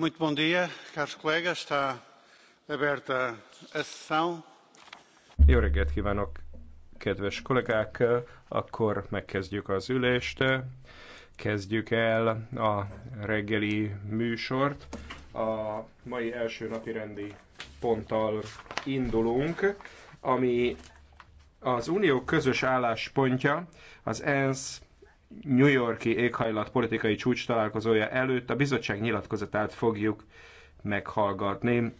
Muito bom dia, caros colegas. Está aberta a sessão. Jó reggelt kívánok, kedves kollégák! Akkor megkezdjük az ülést. Kezdjük el a reggeli műsort. A mai első napi rendi ponttal indulunk, ami az unió közös álláspontja az ENSZ New Yorki éghajlat politikai csúcs találkozója előtt a bizottság nyilatkozatát fogjuk meghallgatni.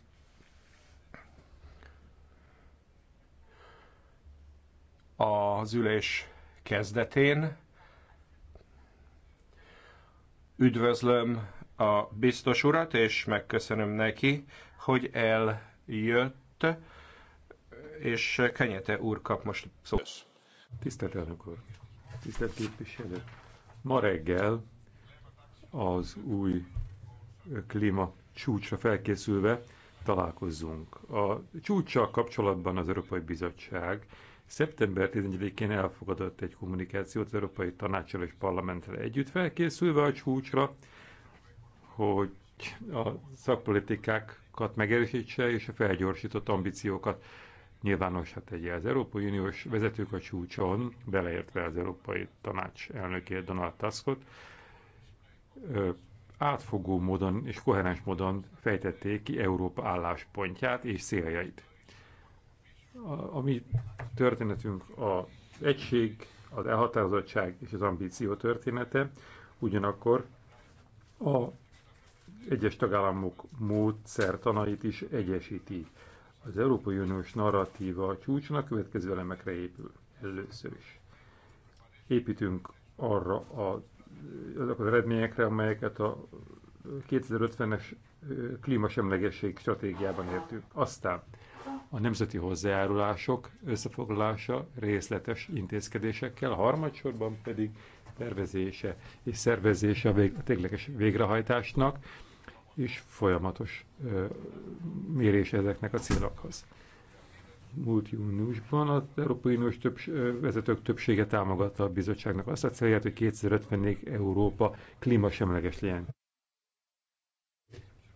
Az ülés kezdetén üdvözlöm a biztos urat, és megköszönöm neki, hogy eljött, és Kenyete úr kap most szót. Tisztelt elnök úr! tisztelt képviselő! Ma reggel az új klíma csúcsra felkészülve találkozzunk. A csúcsa kapcsolatban az Európai Bizottság szeptember 11-én elfogadott egy kommunikációt az Európai Tanácsal és Parlamenttel együtt felkészülve a csúcsra, hogy a szakpolitikákat megerősítse és a felgyorsított ambíciókat nyilvánossá hát tegye. Az Európai Uniós vezetők a csúcson, beleértve az Európai Tanács elnökét Donald Tuskot, átfogó módon és koherens módon fejtették ki Európa álláspontját és céljait. A, a mi történetünk az egység, az elhatározottság és az ambíció története, ugyanakkor a egyes tagállamok módszertanait is egyesíti. Az Európai Uniós narratíva a csúcson a következő elemekre épül először is. Építünk arra a, azok az eredményekre, amelyeket a 2050-es klímasemlegesség stratégiában értünk. Aztán a nemzeti hozzájárulások összefoglalása részletes intézkedésekkel, a harmadsorban pedig tervezése és szervezése a, végleges végrehajtásnak, és folyamatos mérés ezeknek a célokhoz. Múlt júniusban az Európai Uniós több, vezetők többsége támogatta a bizottságnak azt a célját, hogy 2050-ig Európa klímasemleges legyen.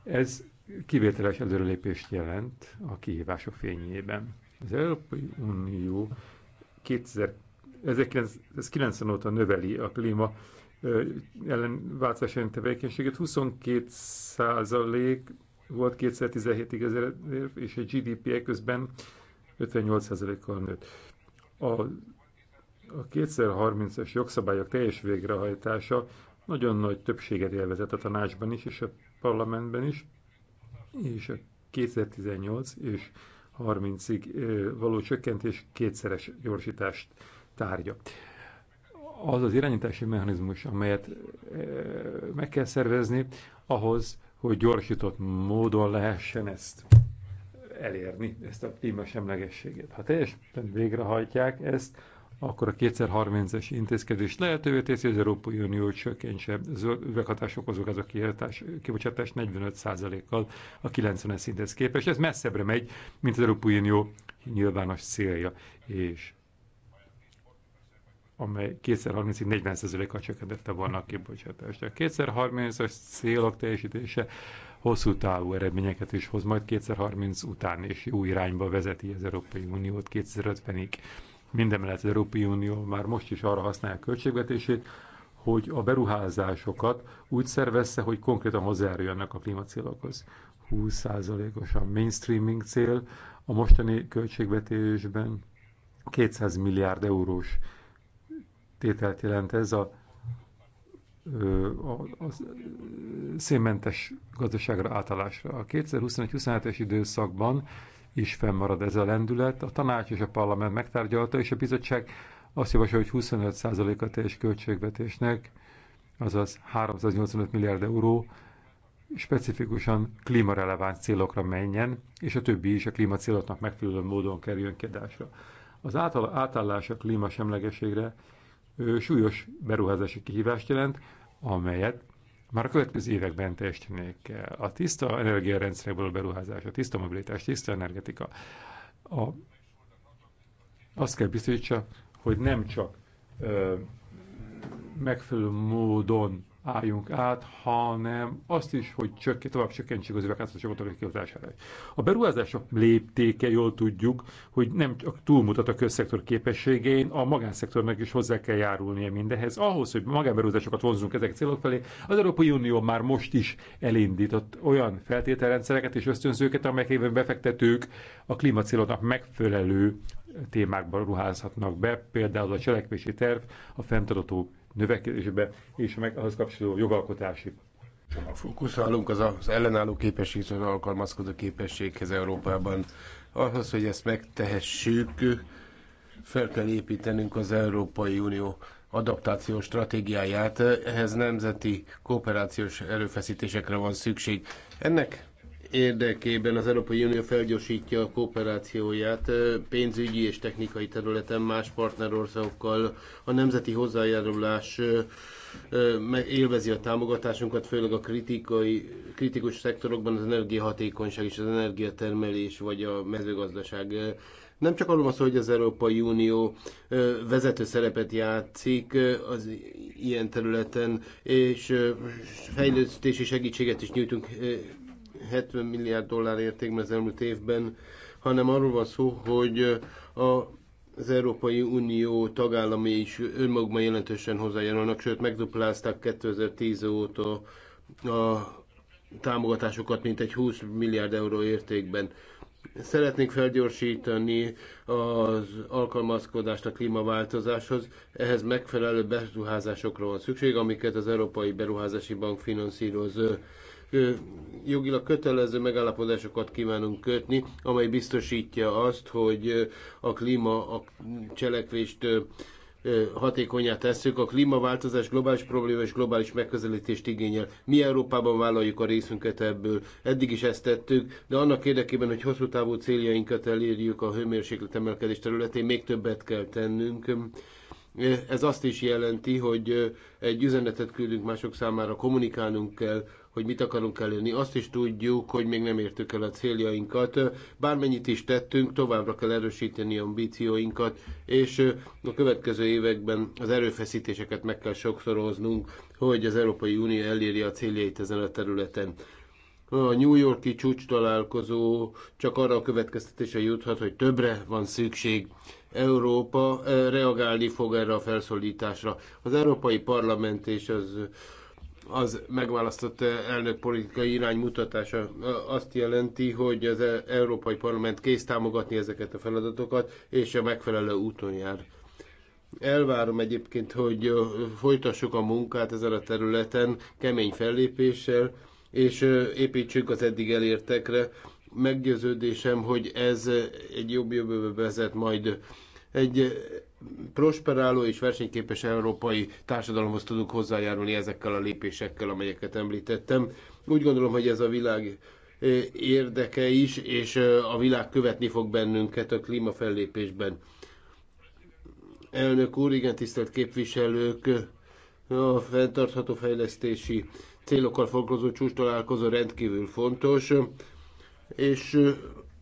Ez kivételes előrelépést jelent a kihívások fényében. Az Európai Unió 2000, 1990 óta növeli a klíma ellen változás tevékenységet. 22 százalék volt 2017-ig az és a GDP -e közben 58 százalékkal nőtt. A, a 2030-as jogszabályok teljes végrehajtása nagyon nagy többséget élvezett a tanácsban is, és a parlamentben is, és a 2018 és 30-ig való csökkentés kétszeres gyorsítást tárgya az az irányítási mechanizmus, amelyet e, meg kell szervezni ahhoz, hogy gyorsított módon lehessen ezt elérni, ezt a semlegességet. Ha teljesen végrehajtják ezt, akkor a 2030-es intézkedés lehetővé teszi, az Európai Unió csökkentse üveghatás okozók az a kibocsátás 45%-kal a 90-es szinthez képest. Ez messzebbre megy, mint az Európai Unió nyilvános célja. És amely 2030-ig 40%-kal csökkentette volna a kibocsátást. A 2030-as célok teljesítése hosszú távú eredményeket is hoz, majd 2030 után és jó irányba vezeti az Európai Uniót 2050-ig. Minden mellett az Európai Unió már most is arra használja a költségvetését, hogy a beruházásokat úgy szervezze, hogy konkrétan hozzájáruljanak a klímacélokhoz. 20%-os a mainstreaming cél a mostani költségvetésben, 200 milliárd eurós tételt jelent ez a, a, a szénmentes gazdaságra átállásra. A 2021-27-es időszakban is fennmarad ez a lendület. A tanács és a parlament megtárgyalta, és a bizottság azt javasolja, hogy 25%-a teljes költségvetésnek, azaz 385 milliárd euró, specifikusan klímareleváns célokra menjen, és a többi is a klímacéloknak megfelelő módon kerüljön kiadásra. Az átállás a klímasemlegeségre súlyos beruházási kihívást jelent, amelyet már a következő években teljesítenék kell. A tiszta energiarendszerekből a beruházás, a tiszta mobilitás, a tiszta energetika. A, azt kell biztosítsa, hogy nem csak ö, megfelelő módon álljunk át, hanem azt is, hogy csökké, tovább csökkentsük az üvegházhatóságot a kihozására. A beruházások léptéke, jól tudjuk, hogy nem csak túlmutat a közszektor képességein, a magánszektornak is hozzá kell járulnia mindehez. Ahhoz, hogy magánberuházásokat vonzunk ezek célok felé, az Európai Unió már most is elindított olyan feltételrendszereket és ösztönzőket, amelyekben befektetők a klímacélodnak megfelelő témákban ruházhatnak be, például a cselekvési terv, a fenntartható növekedésbe és meg ahhoz kapcsolódó jogalkotási Fókuszálunk az, az ellenálló képességhez, az alkalmazkodó képességhez Európában. Ahhoz, hogy ezt megtehessük, fel kell építenünk az Európai Unió adaptációs stratégiáját, ehhez nemzeti kooperációs erőfeszítésekre van szükség. Ennek érdekében az Európai Unió felgyorsítja a kooperációját pénzügyi és technikai területen más partnerországokkal. A nemzeti hozzájárulás élvezi a támogatásunkat, főleg a kritikai, kritikus szektorokban az energiahatékonyság és az energiatermelés vagy a mezőgazdaság nem csak arról van szó, hogy az Európai Unió vezető szerepet játszik az ilyen területen, és fejlesztési segítséget is nyújtunk 70 milliárd dollár értékben az elmúlt évben, hanem arról van szó, hogy a az Európai Unió tagállami is önmagukban jelentősen hozzájárulnak, sőt megduplázták 2010 óta a támogatásokat, mint egy 20 milliárd euró értékben. Szeretnénk felgyorsítani az alkalmazkodást a klímaváltozáshoz, ehhez megfelelő beruházásokra van szükség, amiket az Európai Beruházási Bank finanszíroz jogilag kötelező megállapodásokat kívánunk kötni, amely biztosítja azt, hogy a klíma a cselekvést hatékonyá tesszük. A klímaváltozás globális probléma és globális megközelítést igényel. Mi Európában vállaljuk a részünket ebből. Eddig is ezt tettük, de annak érdekében, hogy hosszú távú céljainkat elérjük a hőmérséklet emelkedés területén, még többet kell tennünk. Ez azt is jelenti, hogy egy üzenetet küldünk mások számára, kommunikálnunk kell, hogy mit akarunk elérni. Azt is tudjuk, hogy még nem értük el a céljainkat. Bármennyit is tettünk, továbbra kell erősíteni ambícióinkat, és a következő években az erőfeszítéseket meg kell sokszoroznunk, hogy az Európai Unió elérje a céljait ezen a területen a New Yorki csúcs találkozó csak arra a következtetése juthat, hogy többre van szükség. Európa reagálni fog erre a felszólításra. Az Európai Parlament és az az megválasztott eh, elnök politikai mutatása eh, azt jelenti, hogy az eh, Európai Parlament kész támogatni ezeket a feladatokat, és a megfelelő úton jár. Elvárom egyébként, hogy folytassuk a munkát ezen a területen kemény fellépéssel, és építsük az eddig elértekre. Meggyőződésem, hogy ez egy jobb jövőbe vezet majd. Egy prosperáló és versenyképes európai társadalomhoz tudunk hozzájárulni ezekkel a lépésekkel, amelyeket említettem. Úgy gondolom, hogy ez a világ eh, érdeke is, és eh, a világ követni fog bennünket a klímafellépésben. Elnök úr, igen, tisztelt képviselők, a fenntartható fejlesztési célokkal foglalkozó csúcs találkozó rendkívül fontos, és eh,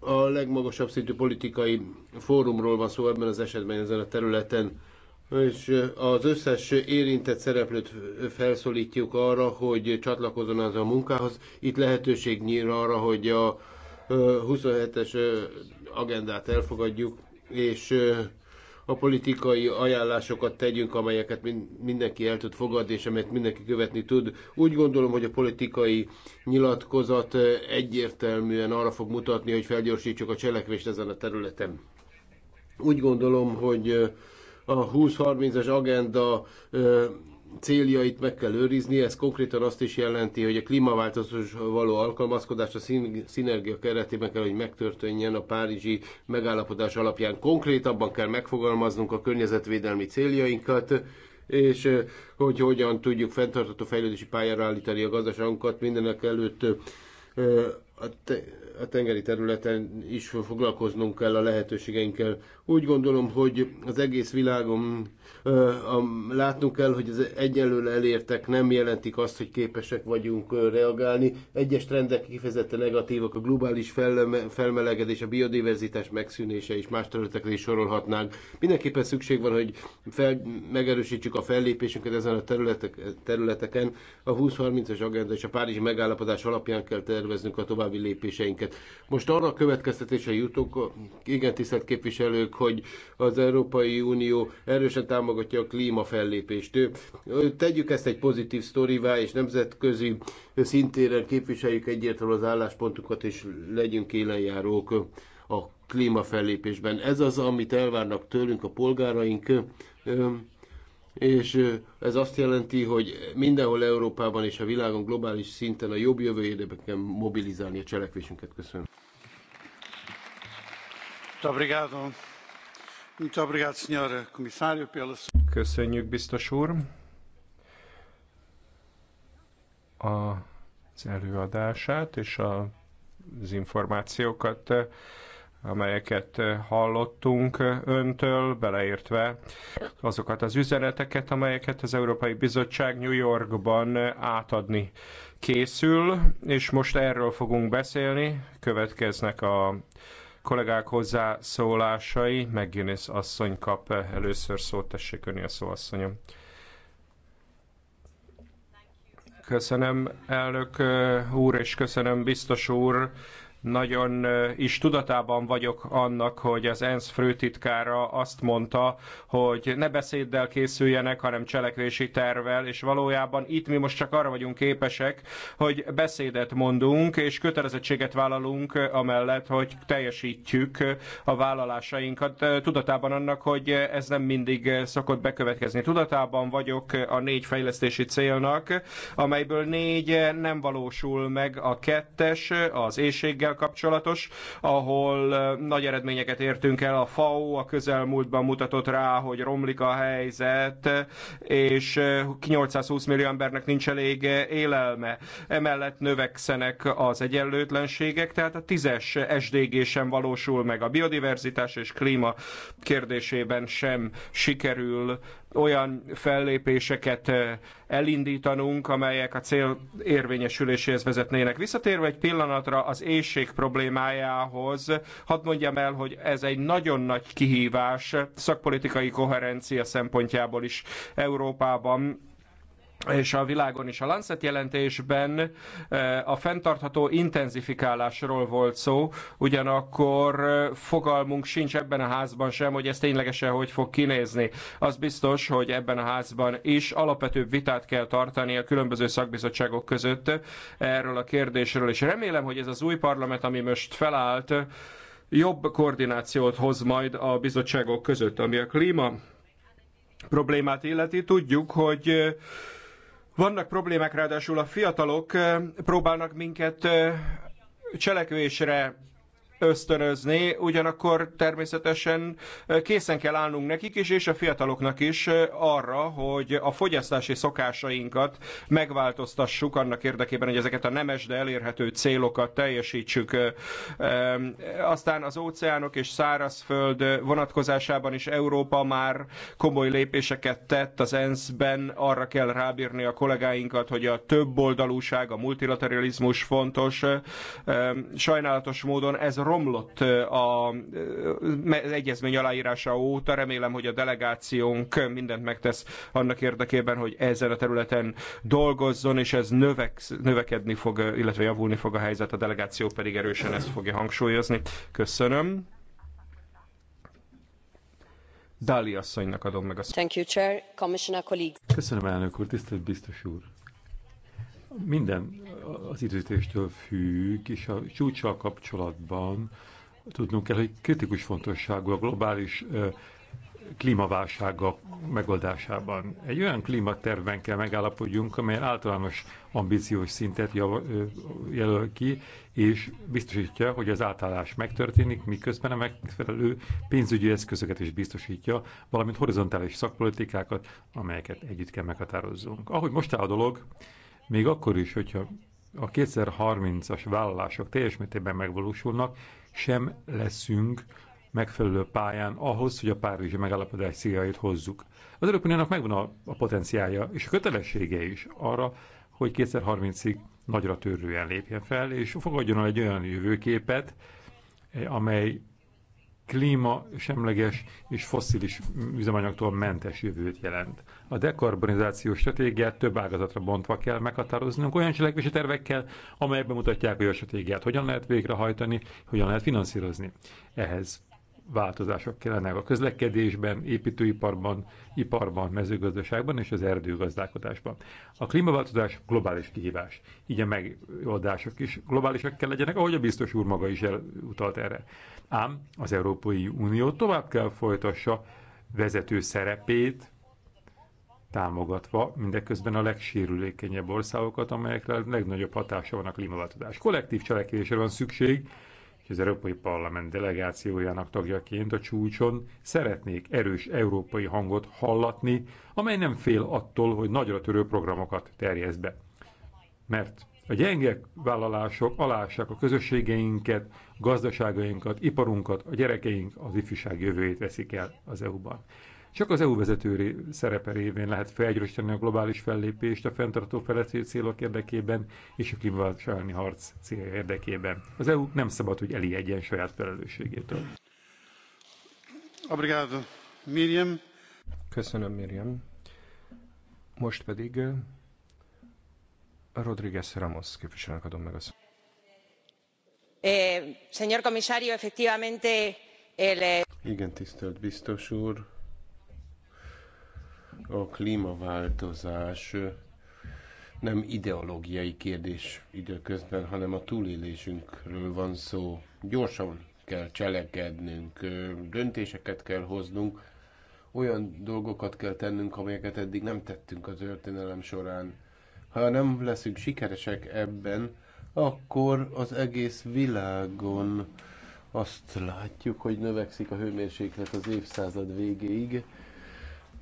a legmagasabb szintű politikai fórumról van szó ebben az esetben ezen a területen, és az összes érintett szereplőt felszólítjuk arra, hogy csatlakozzon az a munkához. Itt lehetőség nyíl arra, hogy a 27-es agendát elfogadjuk, és a politikai ajánlásokat tegyünk, amelyeket mindenki el tud fogadni, és amelyet mindenki követni tud. Úgy gondolom, hogy a politikai nyilatkozat egyértelműen arra fog mutatni, hogy felgyorsítsuk a cselekvést ezen a területen. Úgy gondolom, hogy a 20-30-as agenda céljait meg kell őrizni, ez konkrétan azt is jelenti, hogy a klímaváltozáshoz való alkalmazkodás a szinergia keretében kell, hogy megtörténjen a párizsi megállapodás alapján. Konkrétabban kell megfogalmaznunk a környezetvédelmi céljainkat, és eh, hogy hogyan tudjuk fenntartható fejlődési pályára állítani a gazdaságunkat mindenek előtt eh, a, te, a tengeri területen is foglalkoznunk kell a lehetőségeinkkel. Úgy gondolom, hogy az egész világon ö, a, látnunk kell, hogy az egyelőre elértek nem jelentik azt, hogy képesek vagyunk ö, reagálni. Egyes trendek kifejezetten negatívak, a globális felme, felmelegedés, a biodiverzitás megszűnése és más területekre is sorolhatnánk. Mindenképpen szükség van, hogy fel, megerősítsük a fellépésünket ezen a területek, területeken. A 2030-as agenda és a Párizsi megállapodás alapján kell terveznünk a további további lépéseinket. Most arra a következtetése jutunk, igen tisztelt képviselők, hogy az Európai Unió erősen támogatja a klímafellépést. Tegyük ezt egy pozitív sztorivá, és nemzetközi szintéren képviseljük egyértelműen az álláspontunkat, és legyünk élenjárók a klímafellépésben. Ez az, amit elvárnak tőlünk a polgáraink és ez azt jelenti, hogy mindenhol Európában és a világon globális szinten a jobb jövő érdekében mobilizálni a cselekvésünket. Köszönöm. Köszönjük, biztos úr. az előadását és az információkat amelyeket hallottunk öntől, beleértve azokat az üzeneteket, amelyeket az Európai Bizottság New Yorkban átadni készül, és most erről fogunk beszélni. Következnek a kollégák hozzászólásai. McGuinness asszony kap először szót, tessék önni a szó asszonyom. Köszönöm, elnök úr, és köszönöm, biztos úr, nagyon is tudatában vagyok annak, hogy az ENSZ főtitkára azt mondta, hogy ne beszéddel készüljenek, hanem cselekvési tervvel, és valójában itt mi most csak arra vagyunk képesek, hogy beszédet mondunk, és kötelezettséget vállalunk amellett, hogy teljesítjük a vállalásainkat, tudatában annak, hogy ez nem mindig szokott bekövetkezni. Tudatában vagyok a négy fejlesztési célnak, amelyből négy nem valósul meg, a kettes, az éjséggel területekkel kapcsolatos, ahol nagy eredményeket értünk el. A FAO a közelmúltban mutatott rá, hogy romlik a helyzet, és 820 millió embernek nincs elég élelme. Emellett növekszenek az egyenlőtlenségek, tehát a tízes SDG sem valósul meg a biodiverzitás és klíma kérdésében sem sikerül olyan fellépéseket elindítanunk, amelyek a cél érvényesüléséhez vezetnének. Visszatérve egy pillanatra az éjség problémájához, hadd mondjam el, hogy ez egy nagyon nagy kihívás szakpolitikai koherencia szempontjából is Európában és a világon is. A Lancet jelentésben eh, a fenntartható intenzifikálásról volt szó, ugyanakkor eh, fogalmunk sincs ebben a házban sem, hogy ez ténylegesen hogy fog kinézni. Az biztos, hogy ebben a házban is alapvetőbb vitát kell tartani a különböző szakbizottságok között erről a kérdésről, és remélem, hogy ez az új parlament, ami most felállt, jobb koordinációt hoz majd a bizottságok között, ami a klíma problémát illeti. Tudjuk, hogy vannak problémák, ráadásul a fiatalok próbálnak minket cselekvésre ösztönözni, ugyanakkor természetesen eh, készen kell állnunk nekik is, és a fiataloknak is eh, arra, hogy a fogyasztási szokásainkat megváltoztassuk annak érdekében, hogy ezeket a nemes, de elérhető célokat teljesítsük. Eh, aztán az óceánok és szárazföld vonatkozásában is Európa már komoly lépéseket tett. Az ENSZ-ben arra kell rábírni a kollégáinkat, hogy a többoldalúság, a multilateralizmus fontos. Sajnálatos módon ez romlott az egyezmény aláírása óta. Remélem, hogy a delegációnk mindent megtesz annak érdekében, hogy ezen a területen dolgozzon, és ez növek, növekedni fog, illetve javulni fog a helyzet, a delegáció pedig erősen ezt fogja hangsúlyozni. Köszönöm. Dali asszonynak adom meg a szót. Thank you, Chair. Commissioner colleagues. Köszönöm, elnök úr, tisztelt biztos úr. Minden az időzítéstől függ, és a csúcsal kapcsolatban tudnunk kell, hogy kritikus fontosságú a globális klímaválsága megoldásában. Egy olyan klímatervben kell megállapodjunk, amely általános ambíciós szintet jelöl ki, és biztosítja, hogy az átállás megtörténik, miközben a megfelelő pénzügyi eszközöket is biztosítja, valamint horizontális szakpolitikákat, amelyeket együtt kell meghatározzunk. Ahogy most áll a dolog, még akkor is, hogyha a 2030-as vállalások teljes mértékben megvalósulnak, sem leszünk megfelelő pályán ahhoz, hogy a Párizsi megállapodás céljait hozzuk. Az Európai Uniónak megvan a, a potenciája és a kötelessége is arra, hogy 2030-ig nagyra törően lépjen fel, és fogadjon el egy olyan jövőképet, eh, amely klíma semleges és fosszilis üzemanyagtól mentes jövőt jelent. A dekarbonizációs stratégiát több ágazatra bontva kell meghatároznunk olyan cselekvési tervekkel, amelyek bemutatják, hogy a stratégiát hogyan lehet végrehajtani, hogyan lehet finanszírozni. Ehhez változások kellenek a közlekedésben, építőiparban, iparban, mezőgazdaságban és az erdőgazdálkodásban. A klímaváltozás globális kihívás, így a megoldások is globálisak kell legyenek, ahogy a biztos úr maga is utalt erre. Ám az Európai Unió tovább kell folytassa vezető szerepét, támogatva mindeközben a legsérülékenyebb országokat, amelyekre a legnagyobb hatása van a klímaváltozás. Kollektív cselekvésre van szükség, és az Európai Parlament delegációjának tagjaként a csúcson szeretnék erős európai hangot hallatni, amely nem fél attól, hogy nagyra törő programokat terjesz be. Mert a gyenge vállalások alássák a közösségeinket, gazdaságainkat, iparunkat, a gyerekeink, az ifjúság jövőjét veszik el az EU-ban. Csak az EU vezető szerepe révén lehet felgyorsítani a globális fellépést a fenntartó fejlesztő célok érdekében és a klímaváltozás harc célja érdekében. Az EU nem szabad, hogy elijedjen saját felelősségétől. Obrigado, Miriam. Köszönöm, Miriam. Most pedig eh, Rodríguez Ramos képviselőnek adom meg a szót. Eh, señor comisario, efectivamente... El... Eh, Igen, tisztelt biztos úr, a klímaváltozás nem ideológiai kérdés időközben, hanem a túlélésünkről van szó. Gyorsan kell cselekednünk, döntéseket kell hoznunk, olyan dolgokat kell tennünk, amelyeket eddig nem tettünk a történelem során. Ha nem leszünk sikeresek ebben, akkor az egész világon azt látjuk, hogy növekszik a hőmérséklet az évszázad végéig,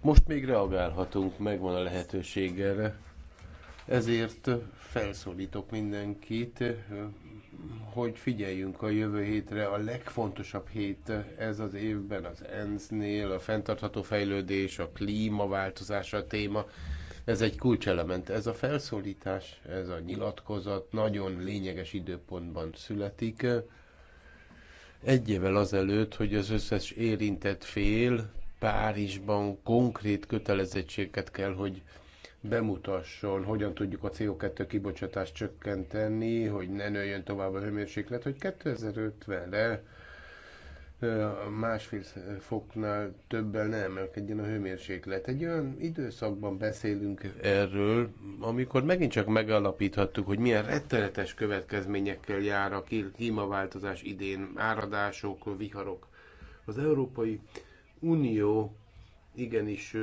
most még reagálhatunk, megvan a lehetőség erre. Ezért felszólítok mindenkit, hogy figyeljünk a jövő hétre, a legfontosabb hét ez az évben az ENSZ-nél, a fenntartható fejlődés, a klímaváltozás a téma. Ez egy kulcselement. Ez a felszólítás, ez a nyilatkozat nagyon lényeges időpontban születik. Egy évvel azelőtt, hogy az összes érintett fél Párizsban konkrét kötelezettséget kell, hogy bemutasson, hogyan tudjuk a CO2 kibocsátást csökkenteni, hogy ne nőjön tovább a hőmérséklet, hogy 2050-re másfél foknál többel ne emelkedjen a hőmérséklet. Egy olyan időszakban beszélünk erről, amikor megint csak megalapíthattuk, hogy milyen rettenetes következményekkel jár a klímaváltozás idén, áradások, viharok. Az európai Unió igenis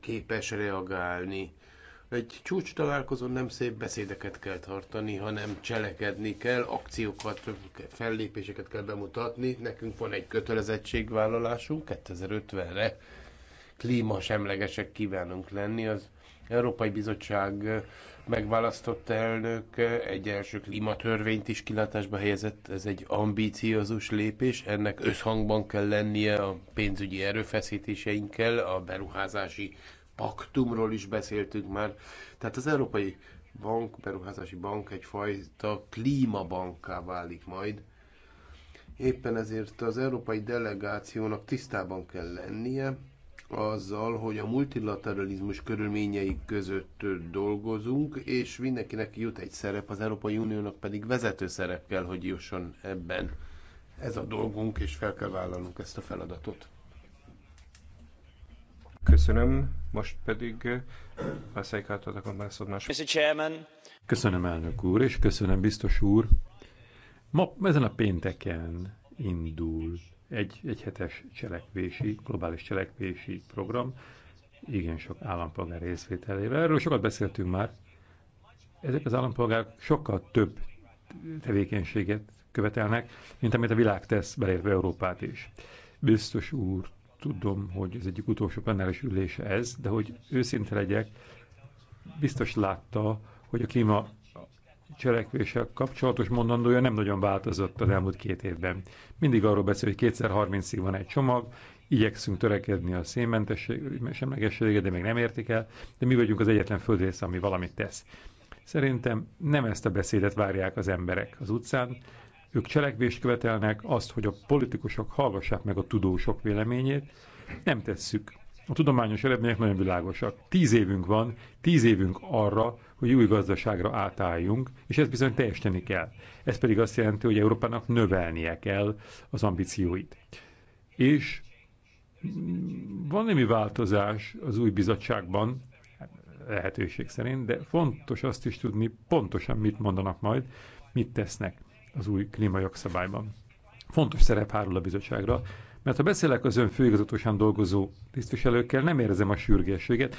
képes reagálni. Egy csúcs találkozón nem szép beszédeket kell tartani, hanem cselekedni kell, akciókat, fellépéseket kell bemutatni. Nekünk van egy kötelezettségvállalásunk 2050-re. Klímasemlegesek kívánunk lenni. Az Európai Bizottság megválasztott elnök egy első klímatörvényt is kilátásba helyezett. Ez egy ambíciózus lépés, ennek összhangban kell lennie a pénzügyi erőfeszítéseinkkel, a beruházási paktumról is beszéltünk már. Tehát az Európai Bank, Beruházási Bank egyfajta klímabanká válik majd. Éppen ezért az európai delegációnak tisztában kell lennie azzal, hogy a multilateralizmus körülményei között dolgozunk, és mindenkinek jut egy szerep, az Európai Uniónak pedig vezető szerep kell, hogy jusson ebben. Ez a dolgunk, és fel kell vállalnunk ezt a feladatot. Köszönöm, most pedig a szejkáltat a Chairman. Köszönöm, elnök úr, és köszönöm, biztos úr. Ma ezen a pénteken indult egy, egy hetes cselekvési, globális cselekvési program, igen sok állampolgár részvételével. Erről sokat beszéltünk már. Ezek az állampolgárok sokkal több tevékenységet követelnek, mint amit a világ tesz, beleértve Európát is. Biztos úr, tudom, hogy ez egyik utolsó plenáris ülése ez, de hogy őszinte legyek, biztos látta, hogy a klíma cselekvéssel kapcsolatos mondandója nem nagyon változott az elmúlt két évben. Mindig arról beszél, hogy kétszer harmincig van egy csomag, igyekszünk törekedni a semlegességre, de még nem értik el, de mi vagyunk az egyetlen földrész, ami valamit tesz. Szerintem nem ezt a beszédet várják az emberek az utcán, ők cselekvést követelnek, azt, hogy a politikusok hallgassák meg a tudósok véleményét, nem tesszük a tudományos eredmények nagyon világosak. Tíz évünk van, tíz évünk arra, hogy új gazdaságra átálljunk, és ezt bizony teljesíteni kell. Ez pedig azt jelenti, hogy Európának növelnie kell az ambícióit. És van némi változás az új bizottságban, lehetőség szerint, de fontos azt is tudni pontosan, mit mondanak majd, mit tesznek az új klímajogszabályban. Fontos szerep hárul a bizottságra, mert ha beszélek az ön főigazgatósan dolgozó tisztviselőkkel, nem érzem a sürgességet.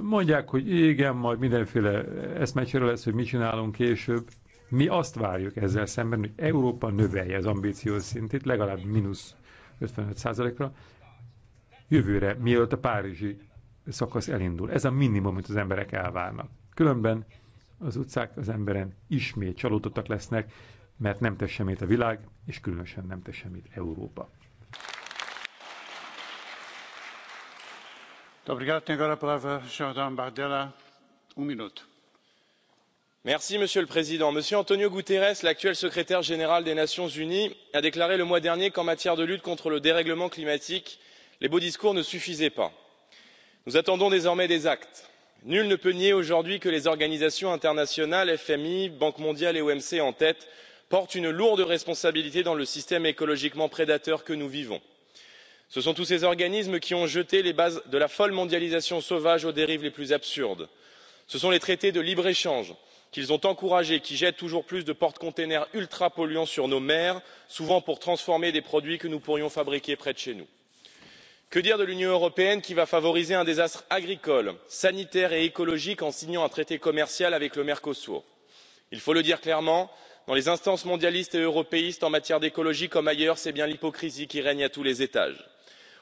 Mondják, hogy igen, majd mindenféle eszmecsere lesz, hogy mit csinálunk később. Mi azt várjuk ezzel szemben, hogy Európa növelje az ambíciós szintét legalább mínusz 55 százalékra jövőre, mielőtt a párizsi szakasz elindul. Ez a minimum, amit az emberek elvárnak. Különben az utcák az emberen ismét csalódottak lesznek, mert nem tesz semmit a világ, és különösen nem tesz semmit Európa. Um monsieur le président monsieur antnio guterres l'actuel secrétaire général des nations unies a déclaré le mois dernier qu'en matière de lutte contre le dérèglement climatique les beaux discours ne suffisaient pas. nous attendons désormais des actes. nul ne peut nier aujourd'hui que les organisations internationales fmi banque mondiale et omc en tête portent une lourde responsabilité dans le système écologiquement prédateur que nous vivons ce sont tous ces organismes qui ont jeté les bases de la folle mondialisation sauvage aux dérives les plus absurdes. ce sont les traités de libre échange qu'ils ont encouragés qui jettent toujours plus de porte containers ultrapolluants sur nos mers souvent pour transformer des produits que nous pourrions fabriquer près de chez nous. que dire de l'union européenne qui va favoriser un désastre agricole sanitaire et écologique en signant un traité commercial avec le mercosur? il faut le dire clairement dans les instances mondialistes et européistes en matière d'écologie comme ailleurs c'est bien l'hypocrisie qui règne à tous les étages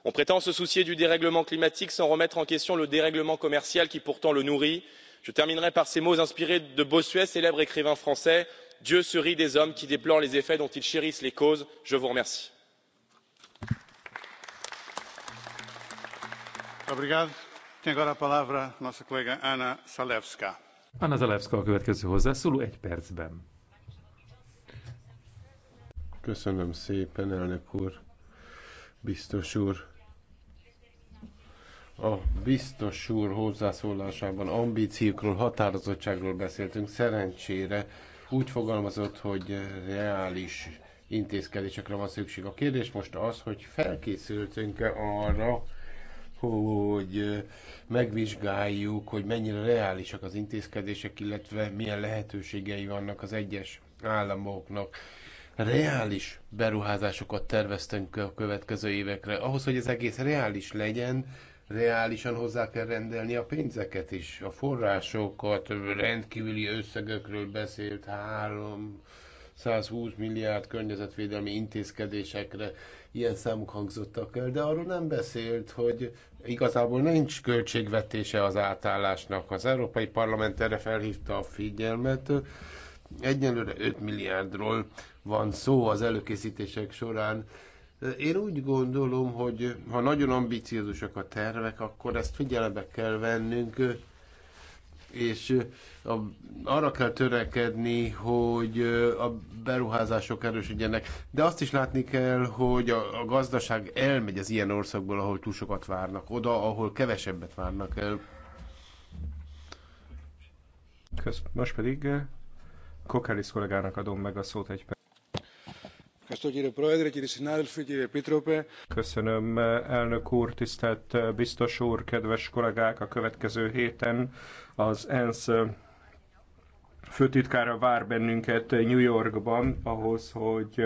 on prétend se soucier du dérèglement climatique sans remettre en question le dérèglement commercial qui pourtant le nourrit. je terminerai par ces mots inspirés de bossuet célèbre écrivain français dieu se rit des hommes qui déplorent les effets dont ils chérissent les causes. je vous remercie a biztos úr hozzászólásában ambíciókról, határozottságról beszéltünk. Szerencsére úgy fogalmazott, hogy reális intézkedésekre van szükség. A kérdés most az, hogy felkészültünk-e arra, hogy megvizsgáljuk, hogy mennyire reálisak az intézkedések, illetve milyen lehetőségei vannak az egyes államoknak. Reális beruházásokat terveztünk a következő évekre. Ahhoz, hogy ez egész reális legyen, reálisan hozzá kell rendelni a pénzeket is, a forrásokat, rendkívüli összegekről beszélt, 320 milliárd környezetvédelmi intézkedésekre, ilyen számok hangzottak el, de arról nem beszélt, hogy igazából nincs költségvetése az átállásnak. Az Európai Parlament erre felhívta a figyelmet, egyelőre 5 milliárdról van szó az előkészítések során, én úgy gondolom, hogy ha nagyon ambiciózusak a tervek, akkor ezt figyelembe kell vennünk, és arra kell törekedni, hogy a beruházások erősödjenek. De azt is látni kell, hogy a, a gazdaság elmegy az ilyen országból, ahol túl sokat várnak, oda, ahol kevesebbet várnak el. Kösz, most pedig Kokelis kollégának adom meg a szót egy perc. Köszönöm, elnök úr, tisztelt biztos úr, kedves kollégák! A következő héten az ENSZ főtitkára vár bennünket New Yorkban ahhoz, hogy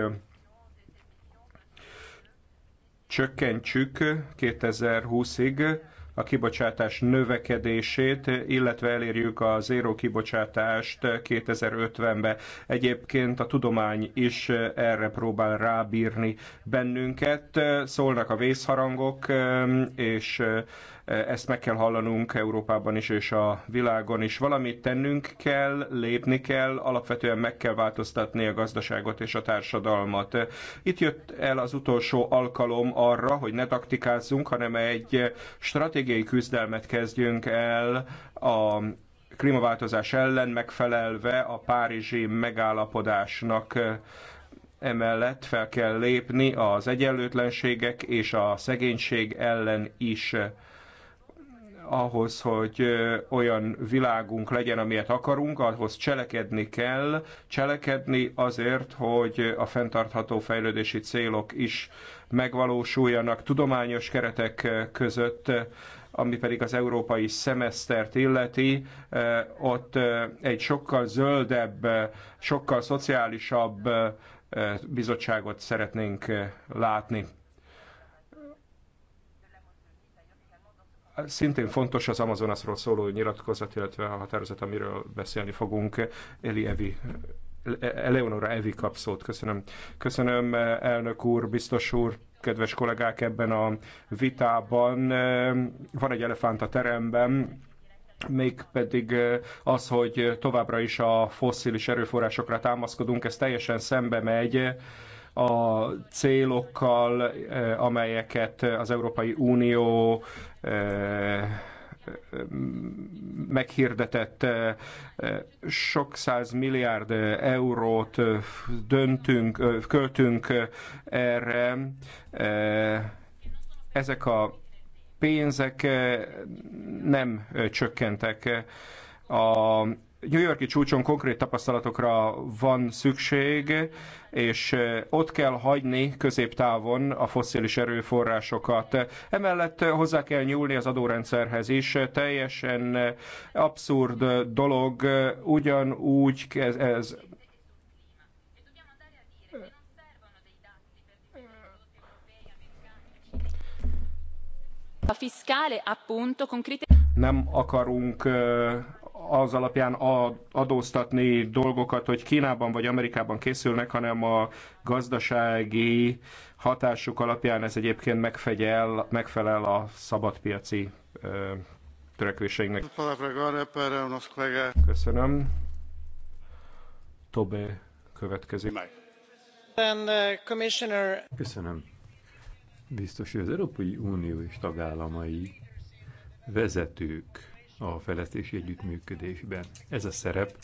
csökkentsük 2020-ig a kibocsátás növekedését, illetve elérjük a zéró kibocsátást 2050-be. Egyébként a tudomány is erre próbál rábírni bennünket. Szólnak a vészharangok, és ezt meg kell hallanunk Európában is és a világon is. Valamit tennünk kell, lépni kell, alapvetően meg kell változtatni a gazdaságot és a társadalmat. Itt jött el az utolsó alkalom arra, hogy ne taktikázzunk, hanem egy stratégiai küzdelmet kezdjünk el a klímaváltozás ellen megfelelve a párizsi megállapodásnak emellett fel kell lépni az egyenlőtlenségek és a szegénység ellen is ahhoz, hogy olyan világunk legyen, amilyet akarunk, ahhoz cselekedni kell, cselekedni azért, hogy a fenntartható fejlődési célok is megvalósuljanak tudományos keretek között, ami pedig az európai szemesztert illeti, ott egy sokkal zöldebb, sokkal szociálisabb bizottságot szeretnénk látni. Szintén fontos az Amazonasról szóló nyilatkozat, illetve a határozat, amiről beszélni fogunk. Eli Evi Eleonora Evi kap szót. Köszönöm. Köszönöm, elnök úr, biztos úr, kedves kollégák ebben a vitában. Van egy elefánt a teremben, mégpedig az, hogy továbbra is a fosszilis erőforrásokra támaszkodunk, ez teljesen szembe megy a célokkal, eh, amelyeket az Európai Unió eh, meghirdetett eh, sok száz milliárd eurót döntünk, költünk erre. Ezek a pénzek nem csökkentek. A New Yorki csúcson konkrét tapasztalatokra van szükség, és ott kell hagyni középtávon a fosszilis erőforrásokat. Emellett hozzá kell nyúlni az adórendszerhez is. Teljesen abszurd dolog, ugyanúgy ez, ez nem akarunk az alapján adóztatni dolgokat, hogy Kínában vagy Amerikában készülnek, hanem a gazdasági hatásuk alapján ez egyébként megfegyel, megfelel a szabadpiaci ö, törekvéseinknek. Köszönöm. Tobé következik. Köszönöm. Biztos, hogy az Európai Unió és tagállamai vezetők a fejlesztési együttműködésben. Ez a szerep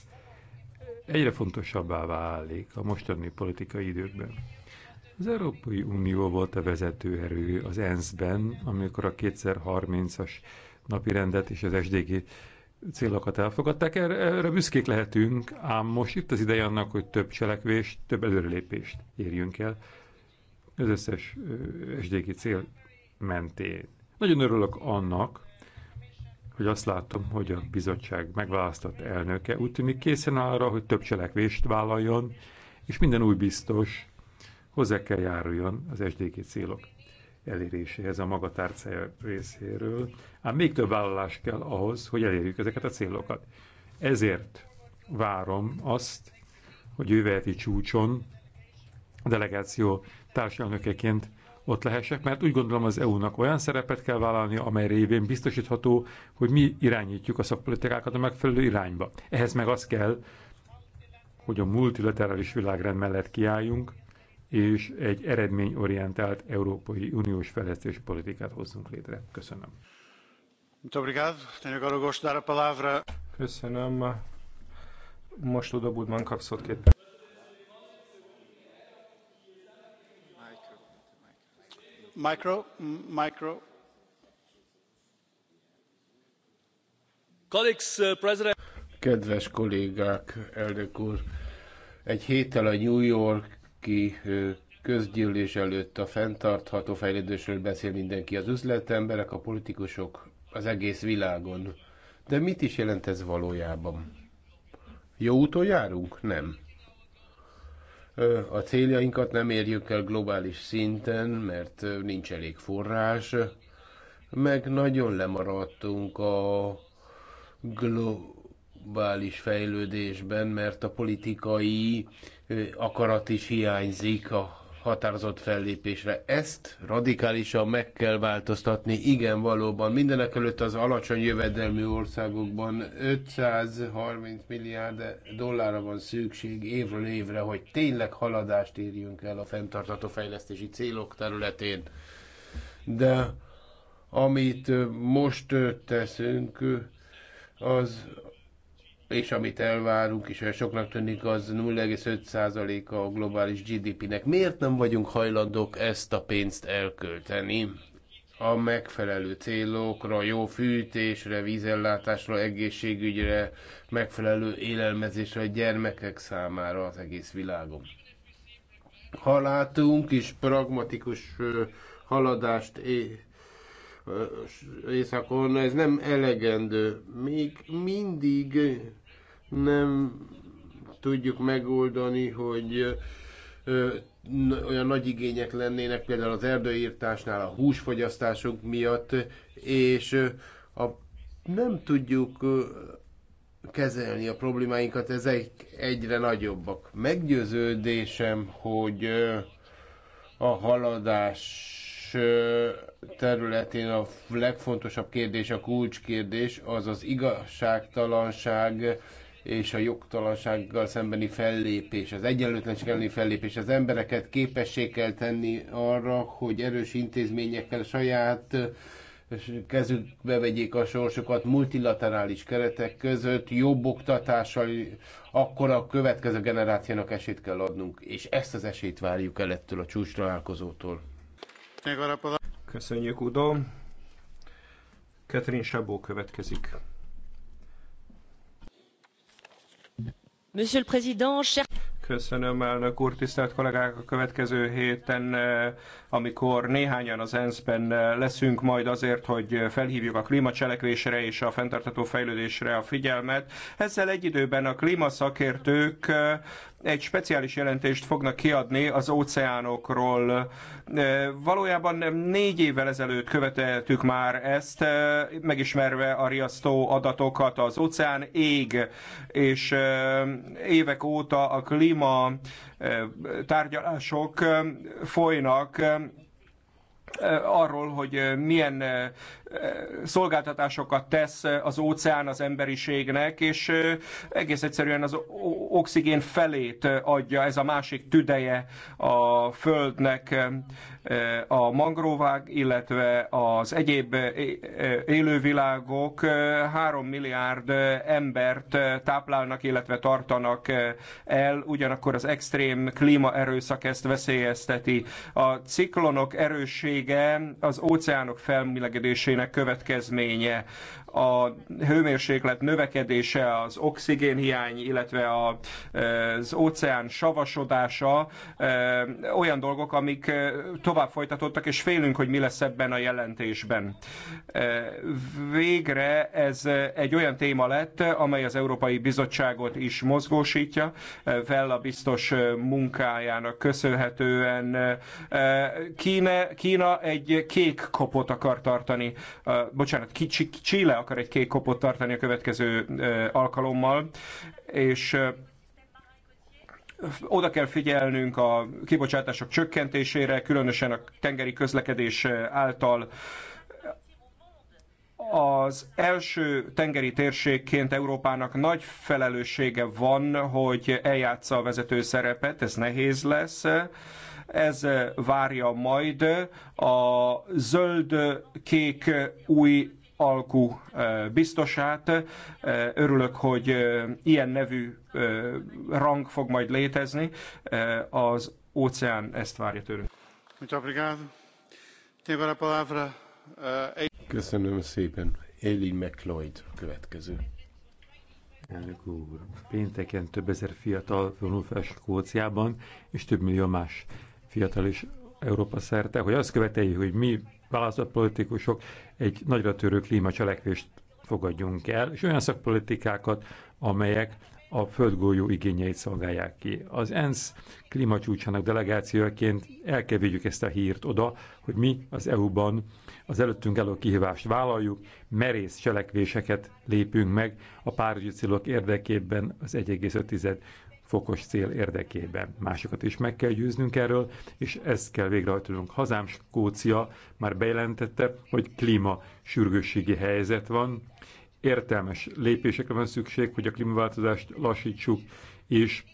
egyre fontosabbá válik a mostani politikai időkben. Az Európai Unió volt a vezető erő az ENSZ-ben, amikor a 2030-as napi rendet és az SDG célokat elfogadták. Erre, erre büszkék lehetünk, ám most itt az ideje annak, hogy több cselekvést, több előrelépést érjünk el az összes SDG cél mentén. Nagyon örülök annak, hogy azt látom, hogy a bizottság megválasztott elnöke úgy tűnik készen arra, hogy több cselekvést vállaljon, és minden új biztos hozzá kell járuljon az SDG célok eléréséhez a maga tárcája részéről, ám még több vállalás kell ahhoz, hogy elérjük ezeket a célokat. Ezért várom azt, hogy jövőheti csúcson a delegáció társelnökeként ott lehessek, mert úgy gondolom az EU-nak olyan szerepet kell vállalnia, amely révén biztosítható, hogy mi irányítjuk a szakpolitikákat a megfelelő irányba. Ehhez meg az kell, hogy a multilaterális világrend mellett kiálljunk, és egy eredményorientált Európai Uniós fejlesztési politikát hozzunk létre. Köszönöm. Köszönöm. Most Oda Budman kapszott két Uh, Kedves kollégák, elnök úr! Egy héttel a New Yorki uh, közgyűlés előtt a fenntartható fejlődésről beszél mindenki, az üzletemberek, a politikusok, az egész világon. De mit is jelent ez valójában? Jó úton járunk? Nem a céljainkat nem érjük el globális szinten, mert nincs elég forrás, meg nagyon lemaradtunk a globális fejlődésben, mert a politikai akarat is hiányzik a határozott fellépésre. Ezt radikálisan meg kell változtatni, igen, valóban. Mindenek előtt az alacsony jövedelmű országokban 530 milliárd dollárra van szükség évről évre, hogy tényleg haladást érjünk el a fenntartató fejlesztési célok területén. De amit most teszünk, az és amit elvárunk, és soknak tűnik, az 05 a globális GDP-nek. Miért nem vagyunk hajlandók ezt a pénzt elkölteni? a megfelelő célokra, jó fűtésre, vízellátásra, egészségügyre, megfelelő élelmezésre a gyermekek számára az egész világon. Ha látunk is pragmatikus haladást északon, ez nem elegendő. Még mindig nem tudjuk megoldani, hogy olyan nagy igények lennének, például az erdőírtásnál a húsfogyasztásunk miatt, és a, nem tudjuk kezelni a problémáinkat, ezek egyre nagyobbak. Meggyőződésem, hogy a haladás területén a legfontosabb kérdés, a kulcskérdés az az igazságtalanság és a jogtalansággal szembeni fellépés, az egyenlőtlenség elleni fellépés. Az embereket képessé kell tenni arra, hogy erős intézményekkel saját kezükbe vegyék a sorsokat multilaterális keretek között, jobb oktatással, akkor a következő generációnak esélyt kell adnunk, és ezt az esélyt várjuk el ettől a csúcs találkozótól. Köszönjük, Udo. Katrin Sabó következik. Monsieur le Président, cher... Köszönöm, elnök úr, tisztelt kollégák, a következő héten, eh, amikor néhányan az ENSZ-ben eh, leszünk majd azért, hogy felhívjuk a klímacselekvésre és a fenntartható fejlődésre a figyelmet. Ezzel egy időben a klímaszakértők eh, egy speciális jelentést fognak kiadni az óceánokról. Valójában négy évvel ezelőtt követeltük már ezt, megismerve a riasztó adatokat. Az óceán ég, és évek óta a klíma tárgyalások folynak arról, hogy milyen szolgáltatásokat tesz az óceán az emberiségnek, és egész egyszerűen az oxigén felét adja ez a másik tüdeje a földnek, a mangrovák, illetve az egyéb élővilágok 3 milliárd embert táplálnak, illetve tartanak el, ugyanakkor az extrém klímaerőszak ezt veszélyezteti. A ciklonok erőssége az óceánok felmelegedésén történetének következménye a hőmérséklet növekedése, az oxigénhiány, illetve a, az óceán savasodása olyan dolgok, amik tovább folytatottak, és félünk, hogy mi lesz ebben a jelentésben. Végre ez egy olyan téma lett, amely az Európai Bizottságot is mozgósítja, Vella biztos munkájának köszönhetően. Kína, Kína egy kék kopot akar tartani, bocsánat, a akar egy kék kopot tartani a következő alkalommal, és oda kell figyelnünk a kibocsátások csökkentésére, különösen a tengeri közlekedés által az első tengeri térségként Európának nagy felelőssége van, hogy eljátsza a vezető szerepet, ez nehéz lesz. Ez várja majd a zöld-kék új alkú biztosát. Örülök, hogy ilyen nevű rang fog majd létezni. Az óceán ezt várja tőlünk. Köszönöm szépen. Eli McLeod következő. Elnök úr, pénteken több ezer fiatal vonul fel Skóciában, és több millió más fiatal is Európa szerte, hogy azt követeljük, hogy mi választott politikusok egy nagyra törő klímacselekvést fogadjunk el, és olyan szakpolitikákat, amelyek a földgolyó igényeit szolgálják ki. Az ENSZ klímacsúcsának delegációjaként el kell vigyük ezt a hírt oda, hogy mi az EU-ban az előttünk elő kihívást vállaljuk, merész cselekvéseket lépünk meg a párizsi célok érdekében az 1,5 fokos cél érdekében. Másokat is meg kell győznünk erről, és ezt kell végrehajtanunk. Hazám Skócia már bejelentette, hogy klíma sürgősségi helyzet van, értelmes lépésekre van szükség, hogy a klímaváltozást lassítsuk, és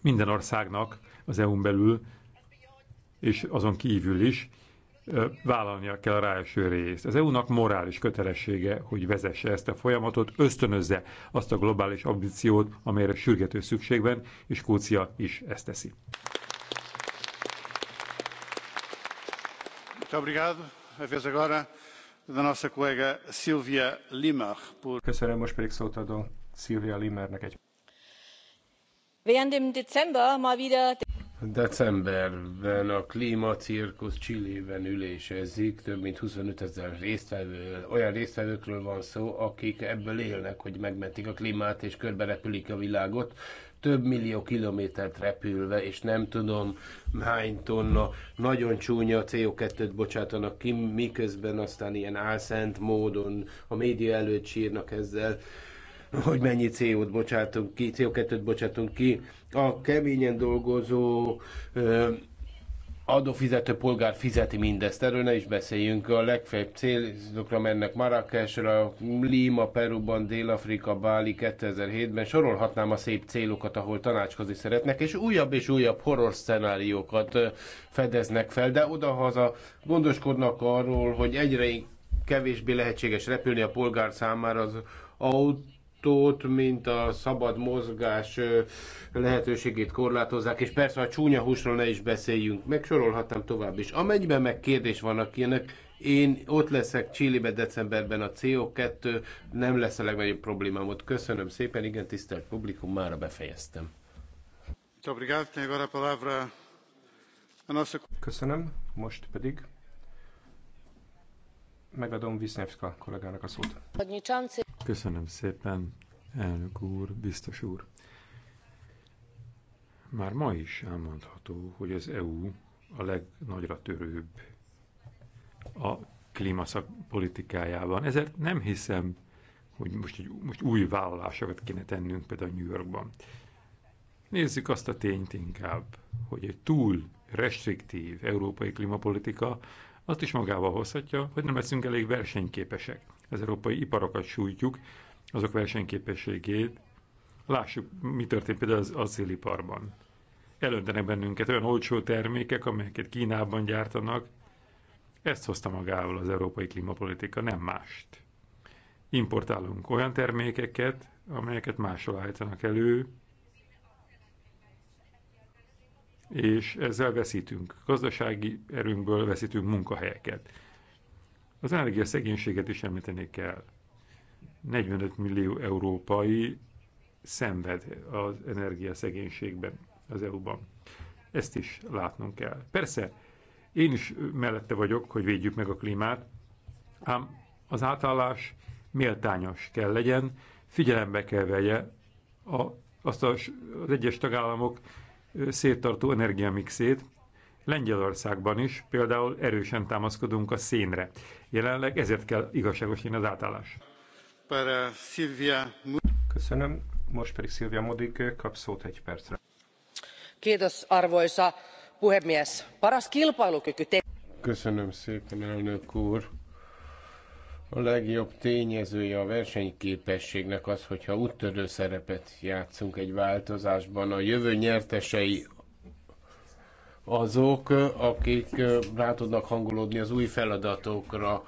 minden országnak az EU-n belül és azon kívül is vállalnia kell a ráeső részt. Az EU-nak morális kötelessége, hogy vezesse ezt a folyamatot, ösztönözze azt a globális ambíciót, amelyre sürgető szükségben, és Skócia is ezt teszi. Köszönöm, most pedig szót adom Szilvia Limernek egy. Während im Dezember mal wieder Decemberben a klímacirkusz Csillében ülésezik, több mint 25 ezer résztvevő, olyan résztvevőkről van szó, akik ebből élnek, hogy megmentik a klímát és körbe repülik a világot, több millió kilométert repülve, és nem tudom hány tonna, nagyon csúnya CO2-t bocsátanak ki, miközben aztán ilyen álszent módon a média előtt sírnak ezzel hogy mennyi CO-t bocsátunk ki, CO2-t bocsátunk ki. A keményen dolgozó ö, adófizető polgár fizeti mindezt, erről ne is beszéljünk. A legfeljebb célokra mennek Marrakesra, Lima, Peruban, Dél-Afrika, Báli 2007-ben. Sorolhatnám a szép célokat, ahol tanácskozni szeretnek, és újabb és újabb horror szenáriókat fedeznek fel, de odahaza gondoskodnak arról, hogy egyre kevésbé lehetséges repülni a polgár számára az autó, tót, mint a szabad mozgás lehetőségét korlátozzák, és persze a csúnya húsról ne is beszéljünk, sorolhatnám tovább is. Amennyiben meg kérdés vannak ilyenek, én ott leszek Csillibe decemberben a CO2, nem lesz a legnagyobb problémám ott. Köszönöm szépen, igen, tisztelt publikum, mára befejeztem. Köszönöm, most pedig Megadom Visznyevska kollégának a szót. Köszönöm szépen, elnök úr, biztos úr. Már ma is elmondható, hogy az EU a legnagyra törőbb a klímaszak politikájában. Ezért nem hiszem, hogy most, egy, most új vállalásokat kéne tennünk például New Yorkban. Nézzük azt a tényt inkább, hogy egy túl restriktív európai klímapolitika azt is magával hozhatja, hogy nem leszünk elég versenyképesek. Az európai iparokat sújtjuk, azok versenyképességét. Lássuk, mi történt például az acéliparban. Elöntenek bennünket olyan olcsó termékek, amelyeket Kínában gyártanak. Ezt hozta magával az európai klímapolitika, nem mást. Importálunk olyan termékeket, amelyeket máshol állítanak elő, és ezzel veszítünk. Gazdasági erőnkből veszítünk munkahelyeket. Az energia szegénységet is említeni kell. 45 millió európai szenved az szegénységben, az EU-ban. Ezt is látnunk kell. Persze, én is mellette vagyok, hogy védjük meg a klímát, ám az átállás méltányos kell legyen, figyelembe kell vegye a, azt a, az egyes tagállamok széttartó energiamixét. Lengyelországban is például erősen támaszkodunk a szénre. Jelenleg ezért kell igazságos az átállás. Köszönöm. Most pedig Szilvia Modig kap szót egy percre. Kiitos, arvoisa puhemies. Paras kilpailukyky... Köszönöm szépen, elnök úr a legjobb tényezője a versenyképességnek az, hogyha úttörő szerepet játszunk egy változásban. A jövő nyertesei azok, akik rá tudnak hangolódni az új feladatokra.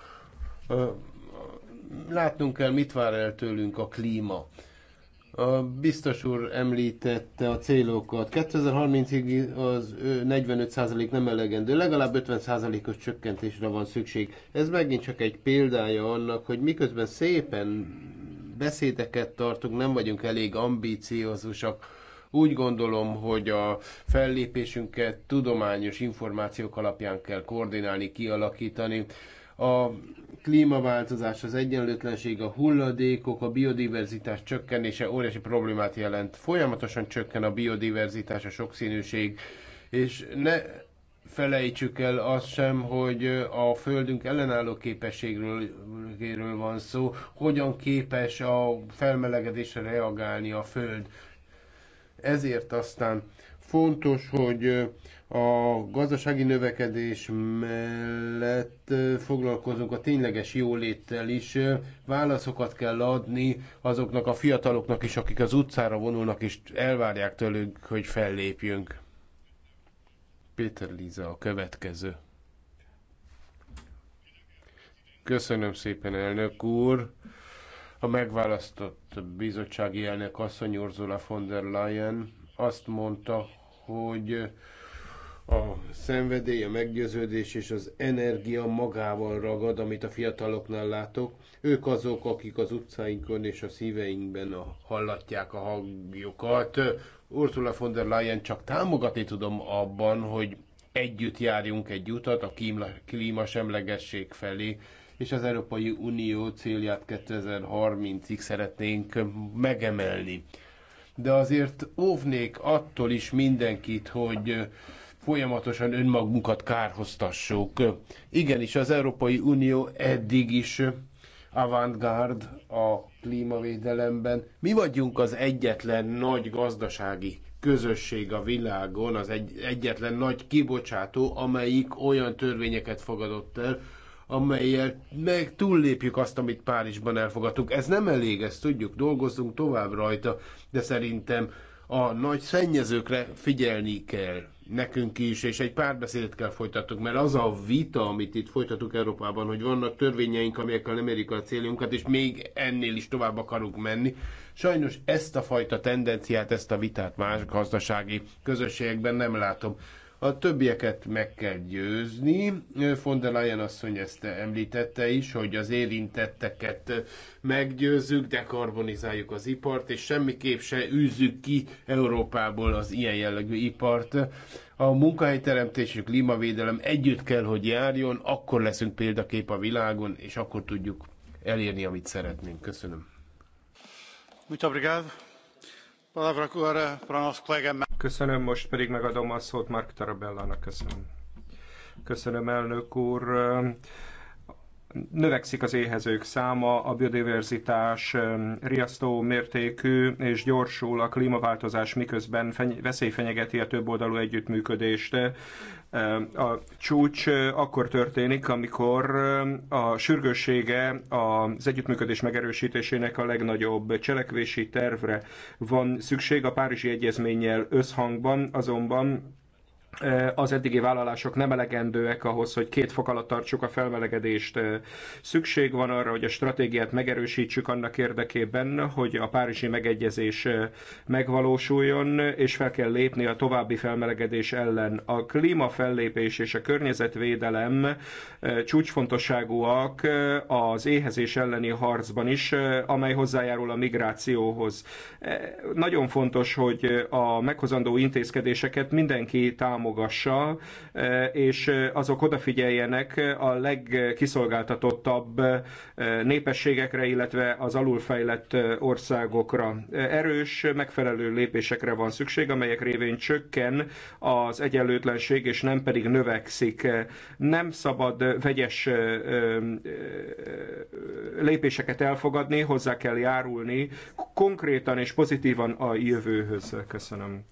Látnunk kell, mit vár el tőlünk a klíma a biztos úr említette a célokat. 2030-ig az 45% nem elegendő, legalább 50%-os csökkentésre van szükség. Ez megint csak egy példája annak, hogy miközben szépen beszédeket tartunk, nem vagyunk elég ambíciózusak. Úgy gondolom, hogy a fellépésünket tudományos információk alapján kell koordinálni, kialakítani a klímaváltozás, az egyenlőtlenség, a hulladékok, a biodiverzitás csökkenése óriási problémát jelent. Folyamatosan csökken a biodiverzitás, a sokszínűség, és ne felejtsük el azt sem, hogy a Földünk ellenálló képességről van szó, hogyan képes a felmelegedésre reagálni a Föld. Ezért aztán fontos, hogy a gazdasági növekedés mellett foglalkozunk a tényleges jóléttel is. Válaszokat kell adni azoknak a fiataloknak is, akik az utcára vonulnak, és elvárják tőlünk, hogy fellépjünk. Péter Líza a következő. Köszönöm szépen, elnök úr! A megválasztott bizottsági elnök asszony Ursula von der Leyen azt mondta, hogy a szenvedély, a meggyőződés és az energia magával ragad, amit a fiataloknál látok. Ők azok, akik az utcáinkon és a szíveinkben a, hallatják a hangjukat. Ursula von der Leyen csak támogatni tudom abban, hogy együtt járjunk egy utat a klímasemlegesség felé, és az Európai Unió célját 2030-ig szeretnénk megemelni. De azért óvnék attól is mindenkit, hogy folyamatosan önmagunkat kárhoztassuk. Igenis, az Európai Unió eddig is avantgárd a klímavédelemben. Mi vagyunk az egyetlen nagy gazdasági közösség a világon, az egy, egyetlen nagy kibocsátó, amelyik olyan törvényeket fogadott el, amelyel meg túllépjük azt, amit Párizsban elfogadtuk. Ez nem elég, ezt tudjuk, dolgozzunk tovább rajta, de szerintem a nagy szennyezőkre figyelni kell nekünk is, és egy párbeszédet kell folytatnunk, mert az a vita, amit itt folytatunk Európában, hogy vannak törvényeink, amelyekkel nem érik a célunkat, és még ennél is tovább akarunk menni. Sajnos ezt a fajta tendenciát, ezt a vitát más gazdasági közösségekben nem látom. A többieket meg kell győzni. Von der Leyen asszony ezt említette is, hogy az érintetteket meggyőzzük, dekarbonizáljuk az ipart, és semmiképp se űzzük ki Európából az ilyen jellegű ipart. A munkahelyteremtés és klímavédelem együtt kell, hogy járjon, akkor leszünk példakép a világon, és akkor tudjuk elérni, amit szeretnénk. Köszönöm. Muito obrigado. Köszönöm, most pedig megadom a szót Mark Tarabellának. Köszönöm. Köszönöm, elnök úr. Növekszik az éhezők száma, a biodiverzitás riasztó mértékű és gyorsul a klímaváltozás, miközben veszély fenyegeti a többoldalú együttműködést. A csúcs akkor történik, amikor a sürgőssége az együttműködés megerősítésének a legnagyobb cselekvési tervre van szükség a Párizsi Egyezménnyel összhangban, azonban az eddigi vállalások nem elegendőek ahhoz, hogy két fok alatt tartsuk a felmelegedést. Szükség van arra, hogy a stratégiát megerősítsük annak érdekében, hogy a párizsi megegyezés megvalósuljon, és fel kell lépni a további felmelegedés ellen. A klímafellépés és a környezetvédelem csúcsfontosságúak az éhezés elleni harcban is, amely hozzájárul a migrációhoz. Nagyon fontos, hogy a meghozandó intézkedéseket mindenki támogatja támogassa, e, és e, azok odafigyeljenek a legkiszolgáltatottabb e, népességekre, illetve az alulfejlett országokra. Erős, megfelelő lépésekre van szükség, amelyek révén csökken az egyenlőtlenség, és nem pedig növekszik. Nem szabad vegyes lépéseket elfogadni, hozzá kell járulni konkrétan és pozitívan a jövőhöz. Köszönöm.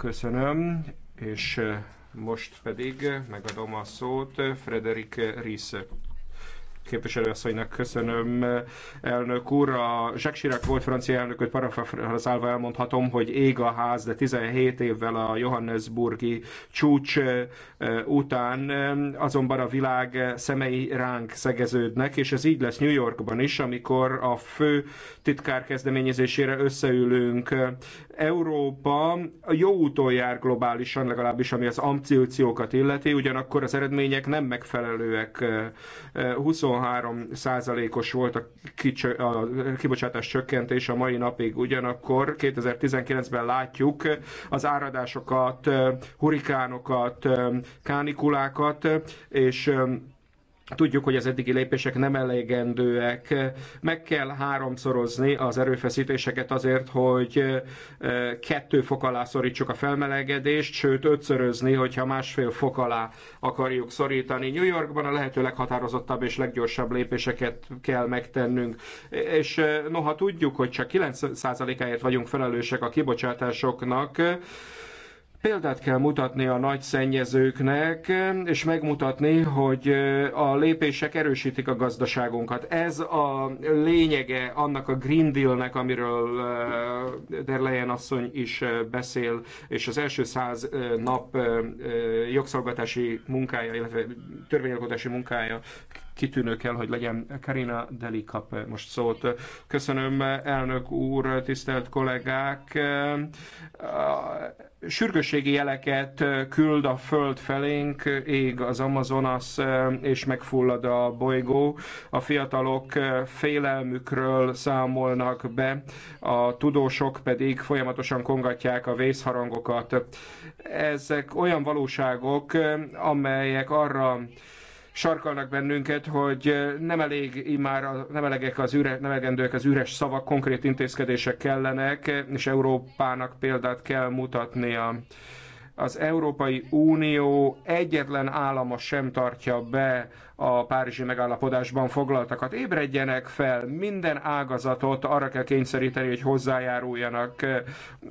Köszönöm, és eh, most pedig megadom a szót Frederik Riesse képviselőasszonynak köszönöm, elnök úr. A Jacques Chirac volt francia elnököt parafrazálva elmondhatom, hogy ég a ház, de 17 évvel a Johannesburgi csúcs után azonban a világ szemei ránk szegeződnek, és ez így lesz New Yorkban is, amikor a fő titkár kezdeményezésére összeülünk. Európa jó úton jár globálisan, legalábbis ami az ambíciókat illeti, ugyanakkor az eredmények nem megfelelőek. 20 23%-os volt a, kicsö, a kibocsátás csökkentés a mai napig. Ugyanakkor 2019-ben látjuk az áradásokat, hurikánokat, kánikulákat, és Tudjuk, hogy az eddigi lépések nem elegendőek. Meg kell háromszorozni az erőfeszítéseket azért, hogy kettő fok alá szorítsuk a felmelegedést, sőt ötszörözni, hogyha másfél fok alá akarjuk szorítani. New Yorkban a lehető leghatározottabb és leggyorsabb lépéseket kell megtennünk. És noha tudjuk, hogy csak 9%-áért vagyunk felelősek a kibocsátásoknak, Példát kell mutatni a nagy szennyezőknek, és megmutatni, hogy a lépések erősítik a gazdaságunkat. Ez a lényege annak a Green Deal-nek, amiről der Leyen asszony is beszél, és az első száz nap jogszolgatási munkája, illetve törvényalkotási munkája kitűnő kell, hogy legyen. Karina Deli kap most szót. Köszönöm, elnök úr, tisztelt kollégák. Sürgősségi jeleket küld a föld felénk, ég az Amazonas, és megfullad a bolygó. A fiatalok félelmükről számolnak be, a tudósok pedig folyamatosan kongatják a vészharangokat. Ezek olyan valóságok, amelyek arra sarkalnak bennünket, hogy nem elég immár, nem, elegek az üre, nem elegendőek az üres szavak, konkrét intézkedések kellenek, és Európának példát kell mutatnia. Az Európai Unió egyetlen állama sem tartja be a párizsi megállapodásban foglaltakat. Ébredjenek fel, minden ágazatot arra kell kényszeríteni, hogy hozzájáruljanak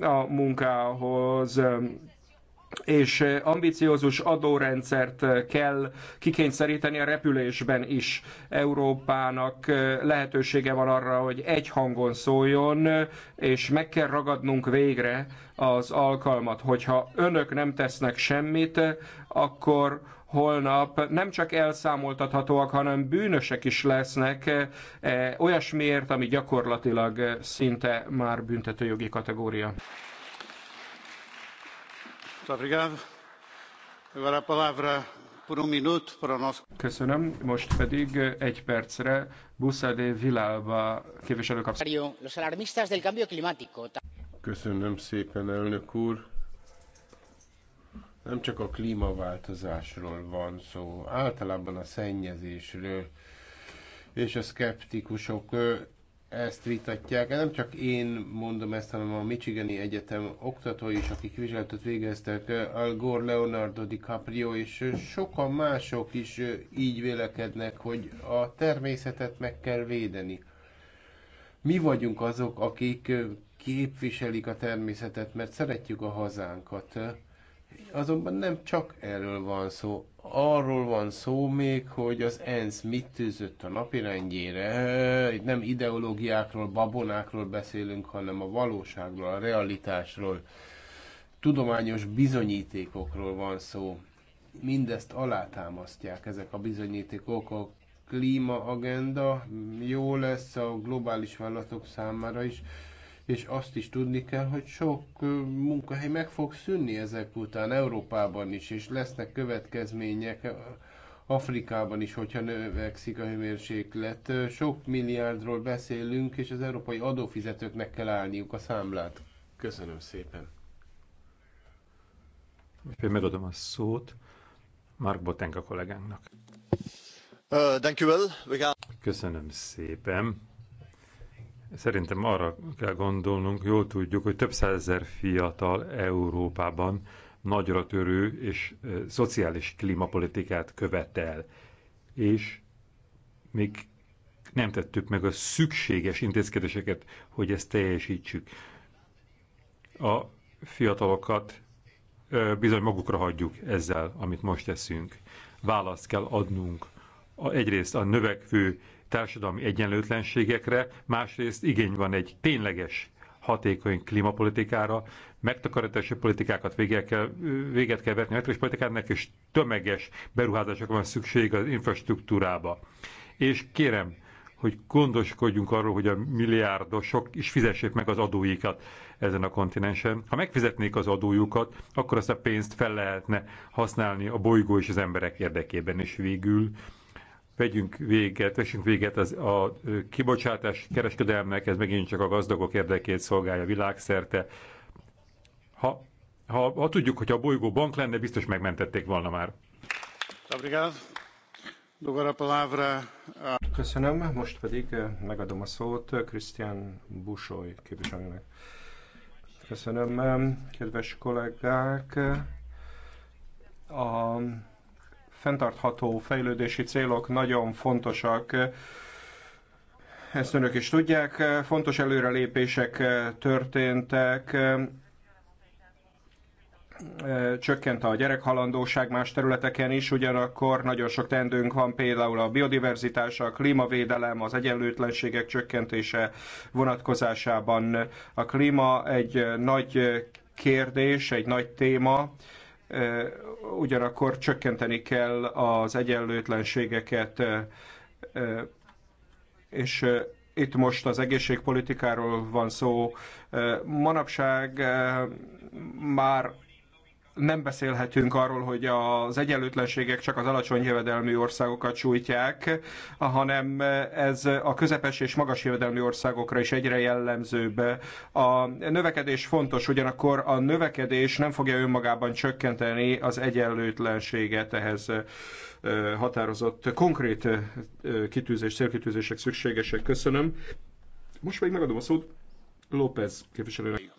a munkához és eh, ambiciózus adórendszert eh, kell kikényszeríteni a repülésben is. Európának eh, lehetősége van arra, hogy egy hangon szóljon, és meg kell ragadnunk végre az alkalmat. Hogyha önök nem tesznek semmit, akkor holnap nem csak elszámoltathatóak, hanem bűnösek is lesznek olyasmiért, ami gyakorlatilag szinte már büntetőjogi kategória. Um Köszönöm, most pedig egy percre Buszadé Vilába képviselő kap. Köszönöm szépen, elnök úr. Nem csak a klímaváltozásról van szó, általában a szennyezésről, és a szkeptikusok ezt vitatják. Nem csak én mondom ezt, hanem a Michigani Egyetem oktatói is, akik vizsgálatot végeztek, Al Gore, Leonardo DiCaprio és sokan mások is így vélekednek, hogy a természetet meg kell védeni. Mi vagyunk azok, akik képviselik a természetet, mert szeretjük a hazánkat. Azonban nem csak erről van szó, arról van szó még, hogy az ENSZ mit tűzött a napirendjére. Itt nem ideológiákról, babonákról beszélünk, hanem a valóságról, a realitásról, tudományos bizonyítékokról van szó. Mindezt alátámasztják ezek a bizonyítékok, a klímaagenda jó lesz a globális vállalatok számára is, és azt is tudni kell, hogy sok munkahely meg fog szűnni ezek után Európában is, és lesznek következmények Afrikában is, hogyha növekszik a hőmérséklet. Sok milliárdról beszélünk, és az európai adófizetőknek kell állniuk a számlát. Köszönöm szépen. Én megadom a szót Mark Botenka kollégánknak. Uh, thank you well. We got... Köszönöm szépen Szerintem arra kell gondolnunk, jól tudjuk, hogy több százezer fiatal Európában nagyra törő és szociális klímapolitikát követel. És még nem tettük meg a szükséges intézkedéseket, hogy ezt teljesítsük. A fiatalokat bizony magukra hagyjuk ezzel, amit most teszünk. Választ kell adnunk egyrészt a növekvő társadalmi egyenlőtlenségekre, másrészt igény van egy tényleges hatékony klímapolitikára, megtakarítási politikákat véget kell, véget kell vetni a politikának, és tömeges beruházásokra van szükség az infrastruktúrába. És kérem, hogy gondoskodjunk arról, hogy a milliárdosok is fizessék meg az adóikat ezen a kontinensen. Ha megfizetnék az adójukat, akkor azt a pénzt fel lehetne használni a bolygó és az emberek érdekében. És végül vegyünk véget, vessünk véget az, a kibocsátás kereskedelmek, ez megint csak a gazdagok érdekét szolgálja világszerte. Ha, ha, ha tudjuk, hogy a bolygó bank lenne, biztos megmentették volna már. Köszönöm, most pedig megadom a szót Krisztián Busoly képviselőnek. Köszönöm, kedves kollégák. A fenntartható fejlődési célok nagyon fontosak, ezt önök is tudják. Fontos előrelépések történtek, csökkent a gyerekhalandóság más területeken is, ugyanakkor nagyon sok tendőnk van, például a biodiverzitás, a klímavédelem, az egyenlőtlenségek csökkentése vonatkozásában. A klíma egy nagy kérdés, egy nagy téma, ugyanakkor csökkenteni kell az egyenlőtlenségeket, és itt most az egészségpolitikáról van szó. Manapság már nem beszélhetünk arról, hogy az egyenlőtlenségek csak az alacsony jövedelmű országokat sújtják, hanem ez a közepes és magas jövedelmű országokra is egyre jellemzőbb. A növekedés fontos, ugyanakkor a növekedés nem fogja önmagában csökkenteni az egyenlőtlenséget ehhez határozott konkrét kitűzés, célkitűzések szükségesek. Köszönöm. Most pedig megadom a szót López képviselőnek.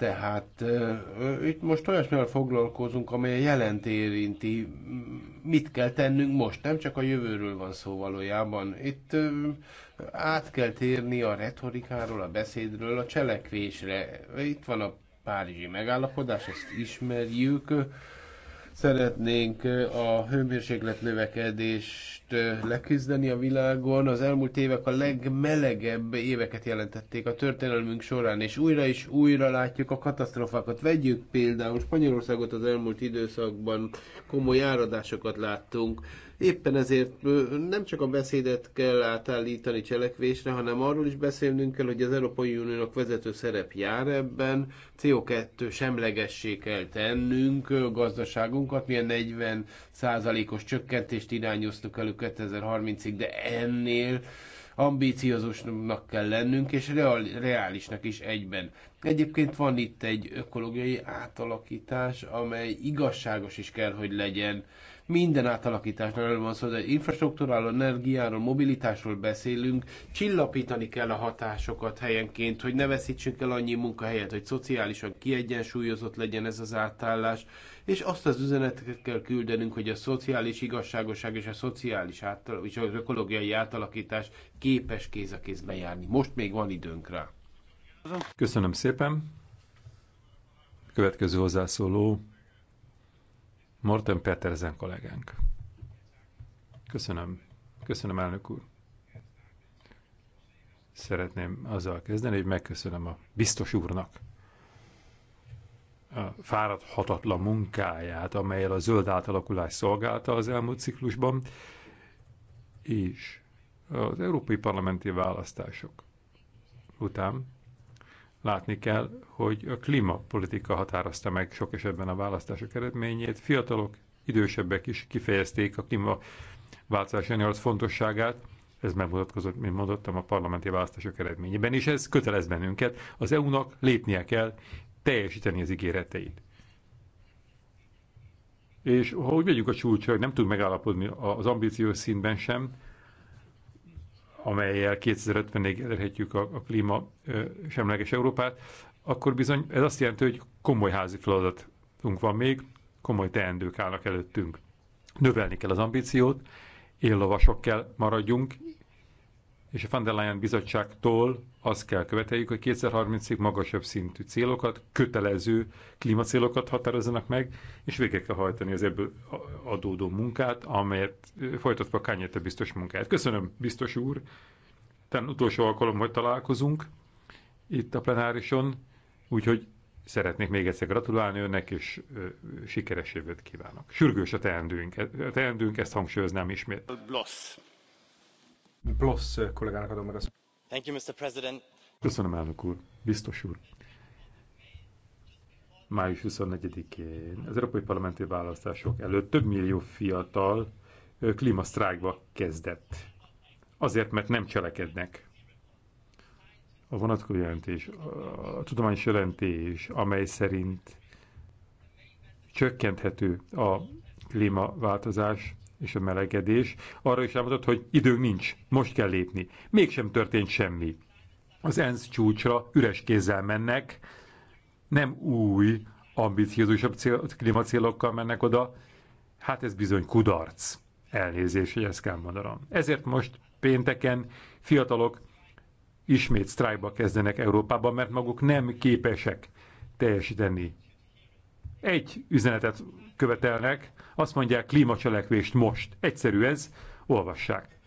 Tehát itt most olyasmivel foglalkozunk, amely a jelent érinti, mit kell tennünk most, nem csak a jövőről van szó valójában. Itt át kell térni a retorikáról, a beszédről, a cselekvésre. Itt van a párizsi megállapodás, ezt ismerjük Szeretnénk a hőmérséklet növekedést leküzdeni a világon. Az elmúlt évek a legmelegebb éveket jelentették a történelmünk során, és újra és újra látjuk a katasztrofákat. Vegyük például Spanyolországot az elmúlt időszakban komoly áradásokat láttunk Éppen ezért nem csak a beszédet kell átállítani cselekvésre, hanem arról is beszélnünk kell, hogy az Európai Uniónak vezető szerep jár ebben, CO2 semlegessé kell tennünk a gazdaságunkat, milyen 40 százalékos csökkentést irányoztuk elő 2030-ig, de ennél ambíciózusnak kell lennünk, és real, reálisnak is egyben. Egyébként van itt egy ökológiai átalakítás, amely igazságos is kell, hogy legyen minden átalakításnál erről van szó, de infrastruktúráról, energiáról, mobilitásról beszélünk, csillapítani kell a hatásokat helyenként, hogy ne veszítsünk el annyi munkahelyet, hogy szociálisan kiegyensúlyozott legyen ez az átállás, és azt az üzenetet kell küldenünk, hogy a szociális igazságoság és a szociális átal- és az ökológiai átalakítás képes kéz a kézbe járni. Most még van időnk rá. Köszönöm szépen. Következő hozzászóló Morten Petersen kollégánk. Köszönöm. Köszönöm, elnök úr. Szeretném azzal kezdeni, hogy megköszönöm a biztos úrnak a fáradhatatlan munkáját, amelyel a zöld átalakulás szolgálta az elmúlt ciklusban, és az európai parlamenti választások után Látni kell, hogy a klímapolitika határozta meg sok esetben a választások eredményét. Fiatalok, idősebbek is kifejezték a klímaváltozás elleni fontosságát. Ez megmutatkozott, mint mondottam, a parlamenti választások eredményében, és ez kötelez bennünket. Az EU-nak lépnie kell, teljesíteni az ígéreteit. És ha úgy vegyük a csúcsra, hogy nem tud megállapodni az ambíciós szintben sem, amelyel 2050-ig elérhetjük a, a klíma semleges Európát, akkor bizony ez azt jelenti, hogy komoly házi feladatunk van még, komoly teendők állnak előttünk. Növelni kell az ambíciót, éllovasok kell maradjunk, és a van der Leyen bizottságtól azt kell követeljük, hogy 2030-ig magasabb szintű célokat, kötelező klímacélokat határozzanak meg, és végre kell hajtani az ebből adódó munkát, amelyet folytatva Kányete biztos munkáját. Köszönöm, biztos úr! Tehát utolsó alkalom, hogy találkozunk itt a plenárison, úgyhogy szeretnék még egyszer gratulálni önnek, és sikeres kívánok. Sürgős a teendőnk, e, a teendőnk ezt hangsúlyoznám ismét. Blossz. Plusz kollégának adom meg a Thank you, Mr. President. Köszönöm, elnök úr. Biztos úr. Május 24-én az Európai Parlamenti választások előtt több millió fiatal klímasztrájkba kezdett. Azért, mert nem cselekednek. A vonatkozó jelentés, a tudományos jelentés, amely szerint csökkenthető a klímaváltozás, és a melegedés arra is rámutat, hogy idő nincs, most kell lépni. Mégsem történt semmi. Az ENSZ csúcsra üres kézzel mennek, nem új, ambiciózusabb cél, klímacélokkal mennek oda. Hát ez bizony kudarc. elnézés, hogy ezt kell mondanom. Ezért most pénteken fiatalok ismét sztrájkba kezdenek Európában, mert maguk nem képesek teljesíteni. Egy üzenetet követelnek, azt mondják klímacselekvést most. Egyszerű ez, olvassák.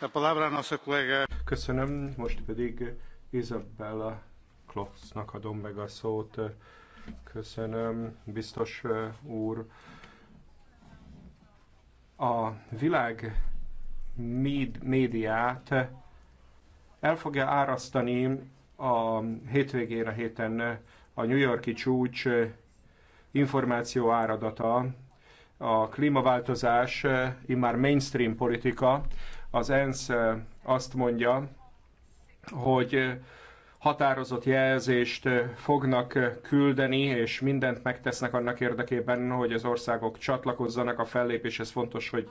a Köszönöm, most pedig Isabella Klotznak adom meg a szót. Köszönöm, biztos úr. A világ médiát el fogja árasztani a hétvégén, a héten a New Yorki csúcs információ áradata, a klímaváltozás immár mainstream politika. Az ENSZ azt mondja, hogy határozott jelzést fognak küldeni, és mindent megtesznek annak érdekében, hogy az országok csatlakozzanak. A fellépéshez fontos, hogy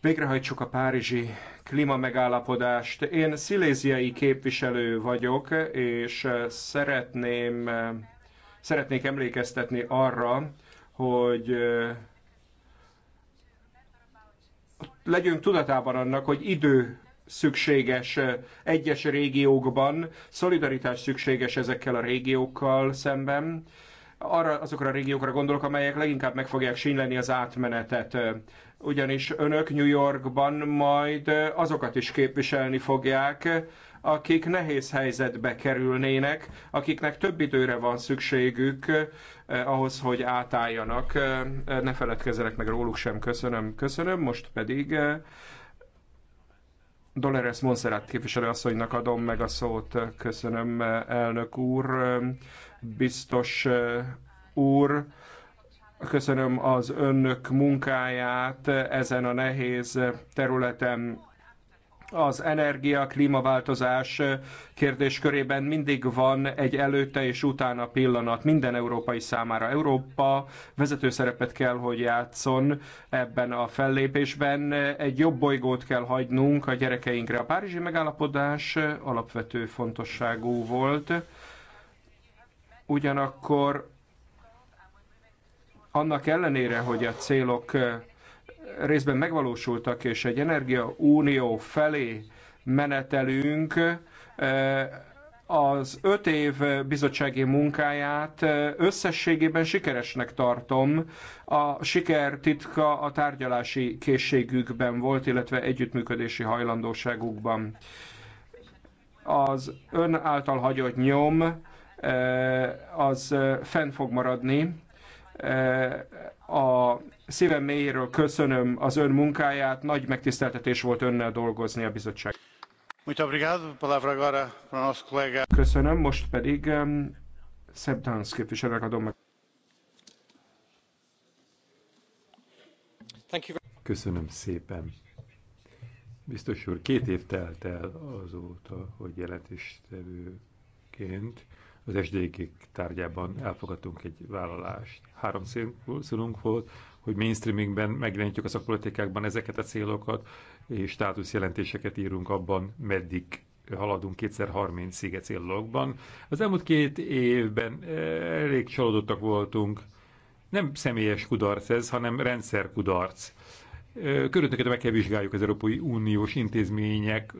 végrehajtsuk a párizsi klímamegállapodást. Én sziléziai képviselő vagyok, és szeretném, szeretnék emlékeztetni arra, hogy eh, legyünk tudatában annak, hogy idő szükséges eh, egyes régiókban, szolidaritás szükséges ezekkel a régiókkal szemben. Arra, azokra a régiókra gondolok, amelyek leginkább meg fogják sínleni az átmenetet ugyanis önök New Yorkban majd eh, azokat is képviselni fogják, akik nehéz helyzetbe kerülnének, akiknek több időre van szükségük eh, ahhoz, hogy átálljanak. Eh, eh, ne feledkezzenek meg róluk sem, köszönöm. Köszönöm, most pedig eh, Dolores Monserrat képviselőasszonynak adom meg a szót. Köszönöm, elnök úr, biztos úr. Köszönöm az önök munkáját ezen a nehéz területen. Az energia, klímaváltozás kérdéskörében mindig van egy előtte és utána pillanat minden európai számára. Európa vezető szerepet kell, hogy játszon ebben a fellépésben. Egy jobb bolygót kell hagynunk a gyerekeinkre. A Párizsi megállapodás alapvető fontosságú volt. Ugyanakkor annak ellenére, hogy a célok részben megvalósultak, és egy energiaunió felé menetelünk, az öt év bizottsági munkáját összességében sikeresnek tartom. A siker titka a tárgyalási készségükben volt, illetve együttműködési hajlandóságukban. Az ön által hagyott nyom az fenn fog maradni, a szívem mélyéről köszönöm az ön munkáját, nagy megtiszteltetés volt önnel dolgozni a bizottság. Köszönöm, most pedig um, Szebb Dánsz képviselőnek adom meg. Köszönöm szépen. Biztos úr, két év telt el azóta, hogy jelentéstevőként az SDG tárgyában elfogadtunk egy vállalást. Három célunk volt, hogy mainstreamingben megjelenítjük a szakpolitikákban ezeket a célokat, és státuszjelentéseket írunk abban, meddig haladunk 2030 ig célokban. Az elmúlt két évben eh, elég csalódottak voltunk. Nem személyes kudarc ez, hanem rendszer kudarc. Körülötteket meg kell vizsgáljuk az Európai Uniós intézmények,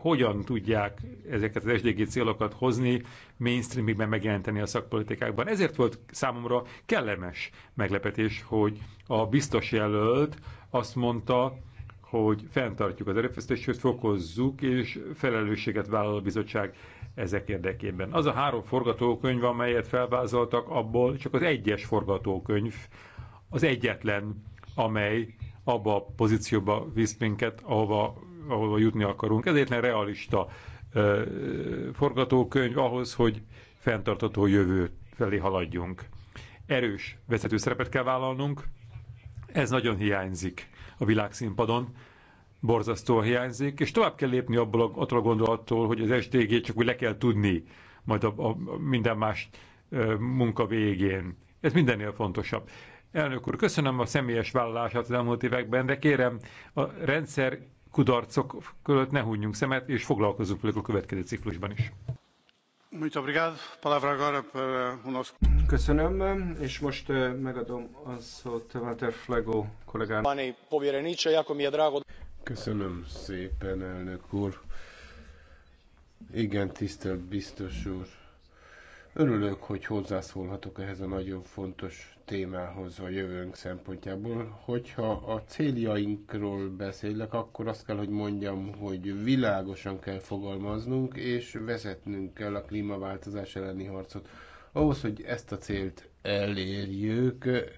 hogyan tudják ezeket az SDG célokat hozni, mainstreamigben megjelenteni a szakpolitikákban. Ezért volt számomra kellemes meglepetés, hogy a biztos jelölt azt mondta, hogy fenntartjuk az erőfeszítést, fokozzuk, és felelősséget vállal a bizottság ezek érdekében. Az a három forgatókönyv, amelyet felvázoltak, abból csak az egyes forgatókönyv az egyetlen, amely abba a pozícióba visz minket, ahova, ahova jutni akarunk. Ez egyetlen realista ö, forgatókönyv ahhoz, hogy fenntartató jövő felé haladjunk. Erős vezető szerepet kell vállalnunk, ez nagyon hiányzik a világszínpadon, borzasztóan hiányzik, és tovább kell lépni abból a, attól a gondolattól, hogy az SDG csak úgy le kell tudni, majd a, a minden más munka végén. Ez mindennél fontosabb. Elnök úr, köszönöm a személyes vállalását az elmúlt években, de kérem, a rendszer kudarcok között ne hunyjunk szemet, és foglalkozunk velük a következő ciklusban is. Köszönöm, és most eh, megadom a szót Walter Flego kollégának. drago... Köszönöm szépen, elnök úr. Igen, tisztelt biztos úr. Örülök, hogy hozzászólhatok ehhez a nagyon fontos témához a jövőnk szempontjából. Hogyha a céljainkról beszélek, akkor azt kell, hogy mondjam, hogy világosan kell fogalmaznunk, és vezetnünk kell a klímaváltozás elleni harcot. Ahhoz, hogy ezt a célt elérjük,